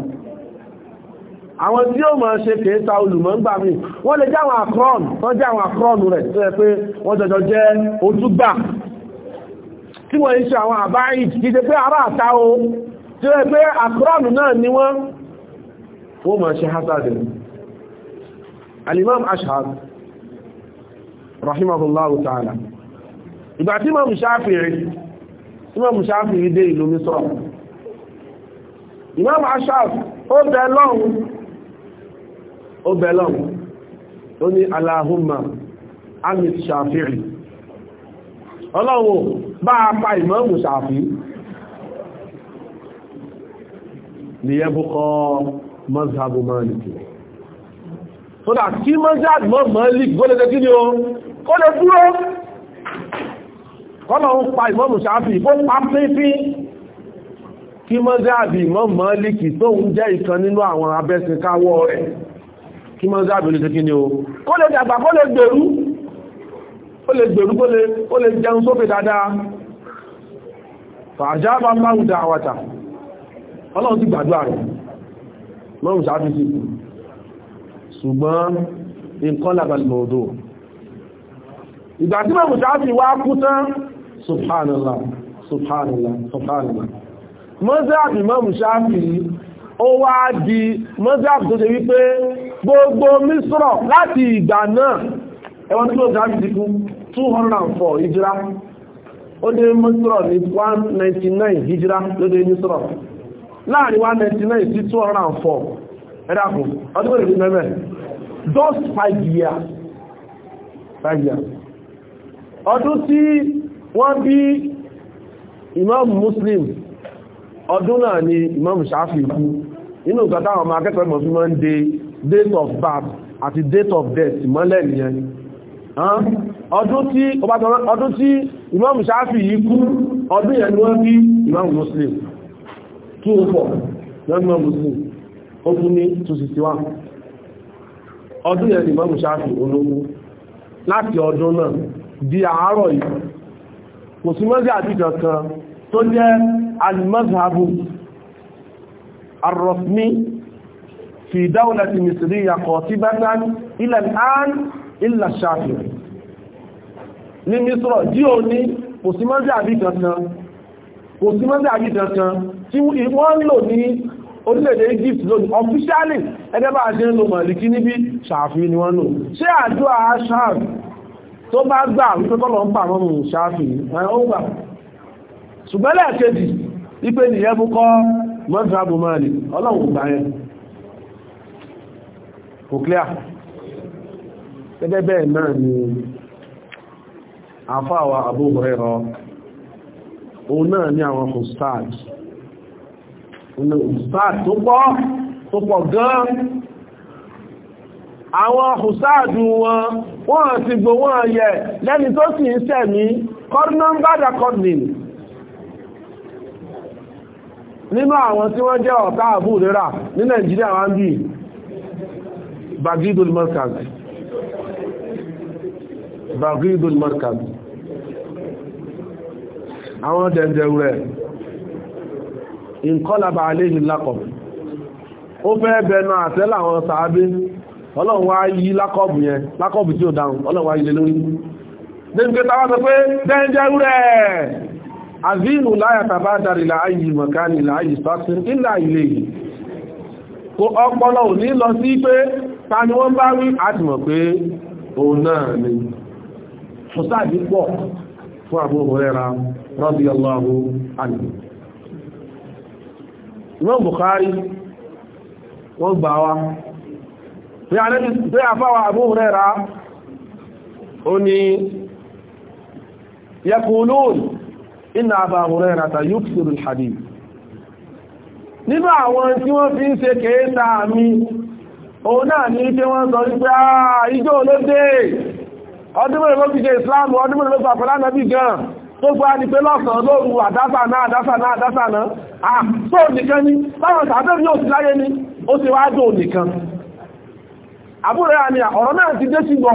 àwọn tí ó máa ṣe kẹta olùmọ̀ ń gbà mí wọ́n lè jáwọn àkọrọ̀n tó jáwọn àkọrọ̀n rẹ̀ tó yẹ pé wọ́n jẹ́ àwọn àkọrọ̀n náà ni wọ́n wọ́n ma ṣe hasad alimam ashab rahimahullahu ta'ala ìgbà tí imam shafi'i imam shafi'i dé ìlú misra imam ashab ó bẹ̀ lọ́hun ó bẹ̀ lọ́hun ó ní aláhùnmá amit shafi'i ọlọ́wọ́ bá a pa imam shafi'i ni yẹ bukọ́ mazhabu maliki so that kí mazhab malik gbọ́lẹ̀ kí ni o kó lè dúró kọ́lọ̀ ń pa ìmọ́mù ṣááfì ìbó pa pínpín kí mazhabi malik tó ń jẹ́ ìkan nínú àwọn abẹ́sìnkáwọ́ rẹ̀ kí mazhabi lè kí ni o kó lè dàgbà kó lè gbèrú ó lè gbèrú kó lè jẹun sófè dáadáa fàájá bá máa ń da àwàtà ọlọ́run ti gbàdúrà rẹ̀ mọ́rùn sáfífì ṣùgbọ́n nǹkan lábàlìmọ̀ odò ìgbà tí mọ́rùn sáfífì wá kú tán subhanallah subhanallah subhanallah mọ́sáàbì mọ́rùn sáfífì ó wá di mọ́sáàbì tó ṣe wípé gbogbo mísírọ̀ láti ìgbà náà ẹwọ́n tí ó sáfífì ti kú 204 hijira ó dé mísírọ̀ ní 199 hijira ló dé mísírọ̀ láàrin 199 sí 204 ẹ̀dàkùn ọdún mẹ́rin sí mẹ́rin just five years five years ọdún tí wọ́n bí imam muslim ọdún náà ni imam shafi kú inú ìgbàtà àwọn ọmọ akẹ́kọ̀ọ́ ìmọ̀ fi máa ń de date of birth àti date of death mọ́lẹ̀ nìyẹn ọdún tí imam shafi yìí kú ọdún yẹn ni wọ́n bí imam muslim kí o pọ̀ lọ́nà muslim ó kú ní 261 ọdún yẹn ni mọ́mù ṣáàfì ológun láti ọdún náà di àárọ̀ yìí kò sí mọ́sí àdíjọ kan tó jẹ́ alimọ́sàbù arrọ̀fní fi dáúlẹ̀tì misiri yàkọ̀ tí bátán ilẹ̀ àn ilẹ̀ ṣáàfì ní misrọ̀ jí o ní kò sí mọ́sí àdíjọ kan tí wọ́n ń lò ní orílẹ̀-èdè Egypt lónìí officially ẹgbẹ́bà àti ń lo mọ̀lìkí níbi ṣàfí ni wọ́n lò ṣé àjọ àṣàf tó bá gbà wípé kọ́lọ̀ ń pàmọ́ mú ṣàfí ọgbà ṣùgbọ́n lẹ́ẹ̀kejì wípé nìyẹn mú kọ́ mọ́sàbù mọ́lì ọlọ́run gbà yẹn kò clear gẹ́gẹ́ bẹ́ẹ̀ náà ni àfáwà Abu Hurairah òun náà ní àwọn kò start ọ̀nà ustaz tó pọ̀ tó pọ̀ gan àwọn ustaz wọn wọ́n ti gbò wọ́n yẹ lẹ́ni tó sì ń sẹ̀mí kọ́dún bádà kọ́dún nínú àwọn tí wọ́n jẹ́ ọ̀tá àbú ìrẹ́ra ní nàìjíríà wọ́n bí bagidul markaz bagidul markaz àwọn dẹ̀ndẹ̀ rẹ̀ ìǹkọ́làbà àléhì lákọ̀bù ó fẹ́ bẹnu àtẹ́lẹ̀ àwọn sàábé ọlọ́run wá yí lákọ̀bù yẹn lákọ̀bù tí ó dáhùn ọlọ́run wá yí lé lórí nígbé tàbá sọ pé dẹ́ńjẹ́ rẹ̀ àzínú láyà tàbá darí láàyè mọ̀kánì láàyè sọ́sìn ilà ilé yìí kò ọpọlọ Imam Bukhari wọ́n gbà wá pé àfáwà Abu Huraira ó ní yakulun nínú àwọn tí wọ́n fi ń mi náà ní tí wọ́n ah, Islam ọdún mẹ́rin ló gbogbo gbá lọ́sàn lóru àdásà náà àdásà náà àdásà náà ah tó nìkan ni báwọn tàbí ní òsì láyé ni ó ti wá nìkan àbúrẹ́ àmì ọ̀rọ̀ náà ti dé sí tó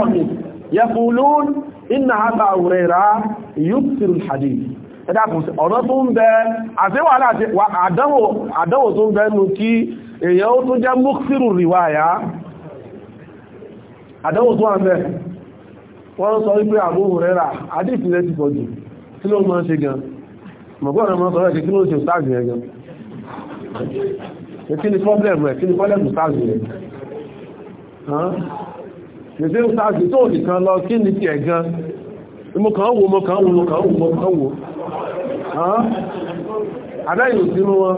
kí ló máa ń ṣe gan mọ̀gbọ́n ọmọ sọ̀rọ̀ ṣe kí ló ṣe sáàzì rẹ̀ gan kí ni problem rẹ̀ kí ni problem sáàzì rẹ̀ ṣe sáàzì tó nìkan lọ kí ni ti ẹ̀ gan mo kàn wò mo kàn wò mo kàn wò mo kàn wò adáyìn sínú wọn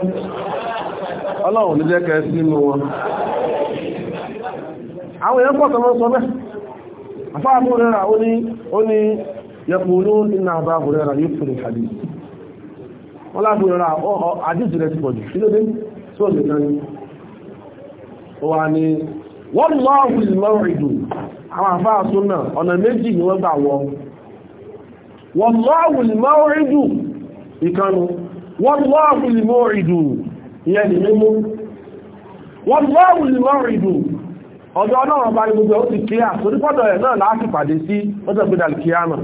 ọlọ́run ní jẹ́kẹ́ sínú wọn àwọn èèyàn pọ̀ tọmọ sọ bẹ́ẹ̀ afáàmù rẹ̀ ó ní yẹkùnún iná àbá àbúrẹ́ra yóò fún ìhàdì wọ́n lábúrẹ́ra àdíjì rẹ̀ ti pọ̀jù kí ló dé tó lè náà wà ní wọ́n lọ́wọ́ ìlọ́rùn ìdù àwọn àfáà súnà ọ̀nà méjì ni wọ́n gbà wọ́n wọ́n lọ́wọ́ ìlọ́rùn ìdù ìkanu wọ́n lọ́wọ́ ìlọ́rùn ìdù ìyẹn ni mímú wọ́n lọ́wọ́ ìlọ́rùn ìdù ọ̀dọ̀ ọlọ́run bá gbogbo ó ti kíyà torípọ́dọ̀ ẹ̀ náà láti pàdé sí ọjọ́ gbẹ́dàlì kíyà náà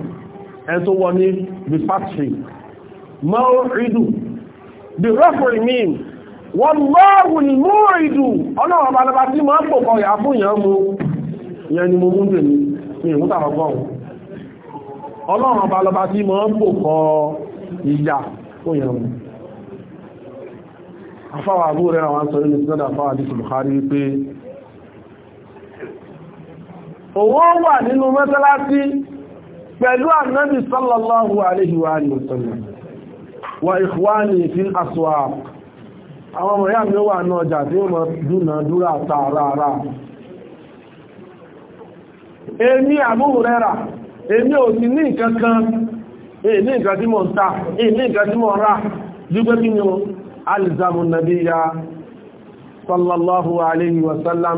ẹni tó wọ ní the factory mọ́ ìdù the referee mean wọ́n lọ́wùn ní mọ́ ìdù ọlọ́wọ́ balaba tí máa ń pò kọ ìyá fún ìyàn mú ìyẹn ni mo mú dè ní ní ìmúta ọgọ́rùn ọlọ́wọ́ balaba tí máa ń pò kọ ìyà fún ìyàn mú afáwà àbú nínú sọ́dọ̀ afáwà pẹ̀lú ànábì sallallahu alaihi wa sallam wa ikhwani fil àwọn ọmọ ìyá wà ní ọjà tí ó mọ̀ dúnàdúrà tààràrà èmi àmúhùrẹ́ra èmi ò sí ní ìkankan èmi ìkan tí mo ta èmi ìkan tí ya sallallahu alaihi wasallam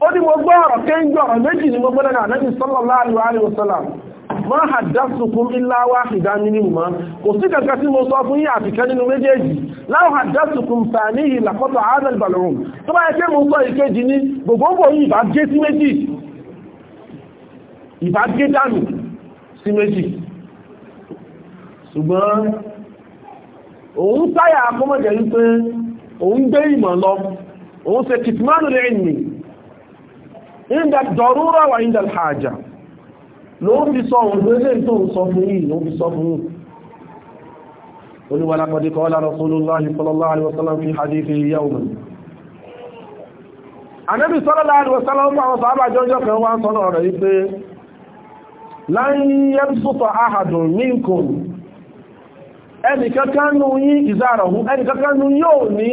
ó ní mo gbọ́ ọ̀rọ̀ kéńjọ ọ̀rọ̀ méjì ni mo gbọ́ lẹ́nu ànábì sallallahu alaihi wasallam ma haddathukum illa wahida minhuma kò sí kankan tí mo sọ fún yín àfikẹ́ nínú méjèèjì law haddathukum thanihi laqata hadha al-bal'um tó bá yẹ kí mo sọ ìkejì ní gbogbogbò yìí ìbá gé sí méjì ìbá gé dànù sí méjì ṣùgbọ́n òun sáyà akọ́mọ̀jẹ̀ wípé òun gbé ìmọ̀ lọ òun ṣe kìtìmánù lẹ́yìn inda darura wa inda alhaja ló ń fi sọ òǹdó ilé tó ń sọ fún yìí ló ń fi sọ fún yìí olúwàlá pàdé kọ́ọ́lá rasulullahi sallallahu alaihi wasallam fi hadithi yawman anábi sallallahu alaihi wasallam àwọn sàábà jọjọ kan ẹnìkankanú yí ìzárọ̀hún ẹnìkankanú yóò ní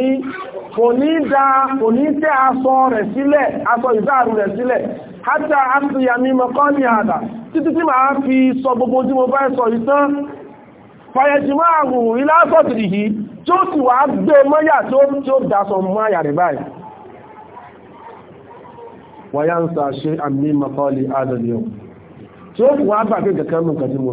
kò ní dá kò ní tẹ́ aṣọ rẹ̀ sílẹ̀ aṣọ ìzárù rẹ̀ sílẹ̀ hátà áfíyà ní mọ́kọ́ ní àdà títí tí máa fi sọ gbogbo tí mo bá sọ ìtàn fàyẹ̀jìmọ́ àrùn ìlàsọ̀tìrì yìí tí ó sì wà gbé e mọ́yà ni ó tí ó sì wà gbàgbé kankan mú kan tí mo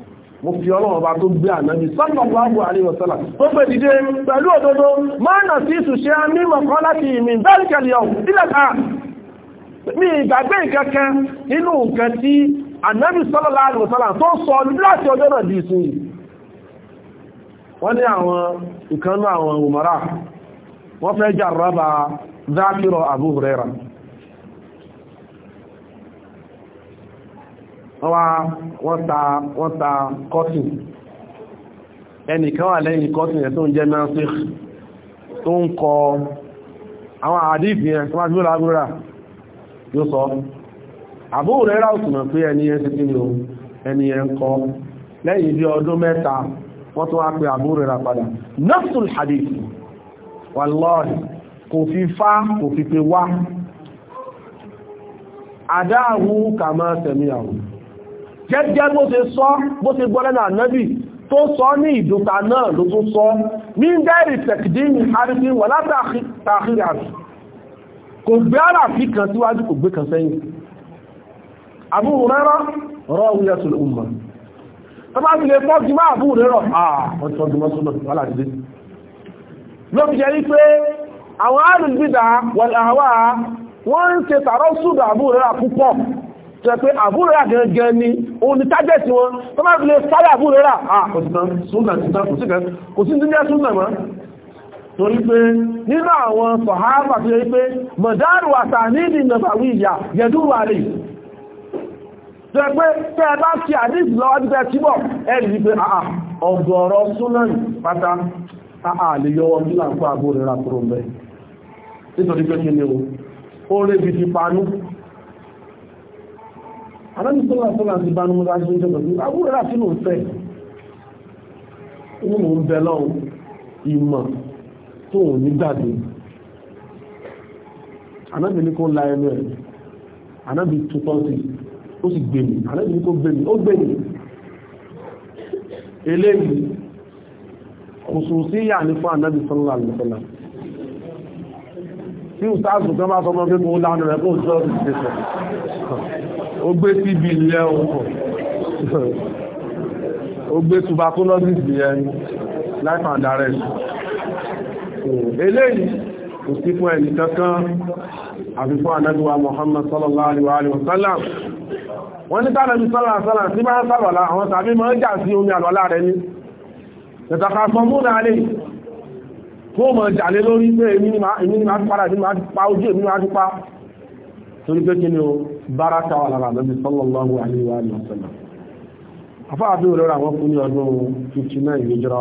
mo fi ọlọ́run bá tó gbé ànábi sallallahu alaihi wasallam tó pè dìde pẹ̀lú òdodo máa nà sí ìsùṣẹ́ mímọ̀ kan láti ìmì bẹ́ẹ̀kẹ̀lẹ̀ ọ̀hún mi ìgbàgbé ìkẹ́kẹ́ nínú nǹkan tí ànábi sallallahu alaihi wasallam tó sọ láti ọjọ́ náà di ìsìn wọ́n ní Abu Hurairah wọ́n ta wọ́n ta kọ́tù ẹnìkan wà lẹ́yìn kọ́tù ẹ̀ tó ń jẹ́ nasikh tó ń kọ àwọn àdífì ẹ̀ tó máa fi lóra agbóra yóò sọ àbúrò rẹ̀ ráùtùmọ̀ pé ẹni ẹ̀ ti ní o ẹni ẹ̀ ń kọ lẹ́yìn bí ọdún mẹ́ta wọ́n tó wá pé àbúrò rẹ̀ padà nafsul gẹ́gẹ́ bó ṣe sọ bó ṣe gbọ́lẹ́nà ànábì tó sọ ní ìdòta náà ló tó sọ ní dẹ́rì tẹ̀kìdínì àrífí wà látàkìrì àrí kò gbé àràfí kan síwájú kò gbé kan sẹ́yìn Abu Hurairah rawiyatul ummah tọ́bá ti lè fọ́ jí máa bú rẹ̀ rọ̀ àwọn àrùn gbídà wọ̀làwà wọ́n ń ṣe tààrọ́ súdà àbúrẹ́ra púpọ̀ tẹ́ pé àbúrẹ́rà gẹ́gẹ́ ni òun ni tájẹ́sì wọn tó máa fi lè sáré àbúrẹ́rà kò sí dúnjẹ́ súnà mọ́ torí pé nínú àwọn sọ̀háàbà tó yẹ pé mọ̀dáàrù àtà nídì nàbàwí ìyà yẹ̀dúrù àlè tẹ́ pé tẹ́ bá fi àdíjì lọ ọdún tíbọ̀ ẹ̀rì pé ọgọ̀rọ̀ súnà pátá àlè yọwọ́ bí láǹkọ́ àbúrẹ́rà kúrò mẹ́ nítorí pé kí ni o ó rébi ti panú alábi tó wà sọ́nà àti bá numú láti oúnjẹ pẹ̀lú àbúrò rà sínú fẹ́ inú mò ń bẹ lọ́wọ́ ìmọ̀ tó ò ní dàdé anábì ní kó la ẹnu ẹ̀ anábì tutọ́ sí ó sì gbèmí anábì ní kó gbèmí ó gbèmí eléyìí kùsùn sí yà ní fún anábì sallallahu alaihi tí ó sáàsùn tán bá sọmọ pé kó lánà rẹ̀ kó sọ ìṣẹ́sọ̀ ó gbé tb ilẹ̀ ọkọ̀ ó gbé tuberculosis ilẹ̀ life and direct eléyìí kò sí fún ẹni kankan àfi fún ànábíwá Muhammad sallallahu alaihi wa sallam wọ́n ní tánàbí sallallahu alaihi wa sallam tí máa ń sàrọ̀lá àwọn tàbí máa ń jà sí omi àlọ́lá rẹ̀ ní ìtàkà sọmúnà alẹ́ tó mọ̀ jàlé lórí pé èmi ni máa ti padà ní máa ti pa ojú èmi máa ti pa torí pé kí ni o bára káwà lára àdọ́bí sallallahu alaihi wa sallam afáàbí òrora wọn fún ní ọdún 59 hijira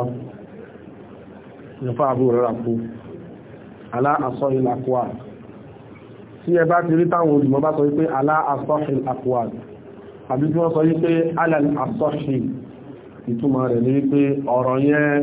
afáàbí òrora fún aláàsọ́ ilẹ̀ àkúwà tí ẹ bá ti rí táwọn rẹ̀ ní wípé ọ̀rọ̀ yẹn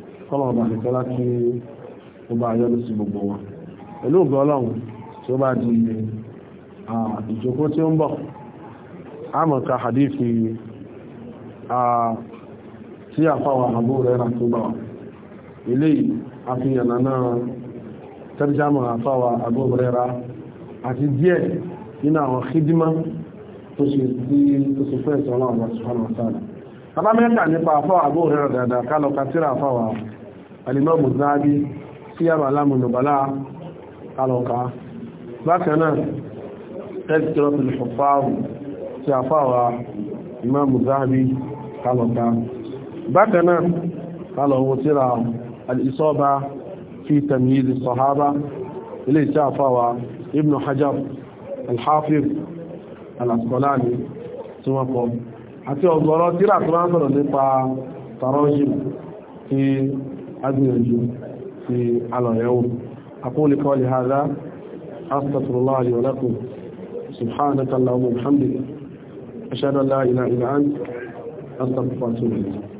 kọ́lọ̀wọ̀n bá nìkan láti ó bá yọ́ lóṣù gbogbo wọn pẹ̀lú ògbọ́ ọlọ́run tí ó bá di ìjókòó tí ó ń bọ̀ àmọ̀ka hadithi tí àfáwà àbú rẹ̀ rà tó bá wà ilé àfihàn náà tẹ́rìjámọ̀ àfáwà àbú rẹ̀ rà àti díẹ̀ nínú àwọn khidima tó ṣe sí tó ṣe fẹ́ ìṣọ́lá ọ̀rọ̀ subhanahu wa ta'ala alimọ́mù záàbí sí yàrá alámùnàbálá alọ́ka bákanáà tẹ́sítọ́pù ìfọ̀fáàrù tí a fáwà imáàmù záàbí alọ́ka bákanáà alọ́wọ́ tíra alìsọ́ba fi tàmíyí sọ̀hábá ilé tí a fáwà ibn hajar alhafiz alaskolani tí wọ́n kọ àti ọ̀gọ̀rọ̀ tíra tó rán sọ̀rọ̀ nípa tarọ́jìm tí agbìyànjú ti alọ̀yẹ̀wò aqulu qawli hadha astaghfirullaha li wa lakum subhanaka allahumma wa bihamdika ashhadu an la ilaha illa anta astaghfiruka wa atubu ilayk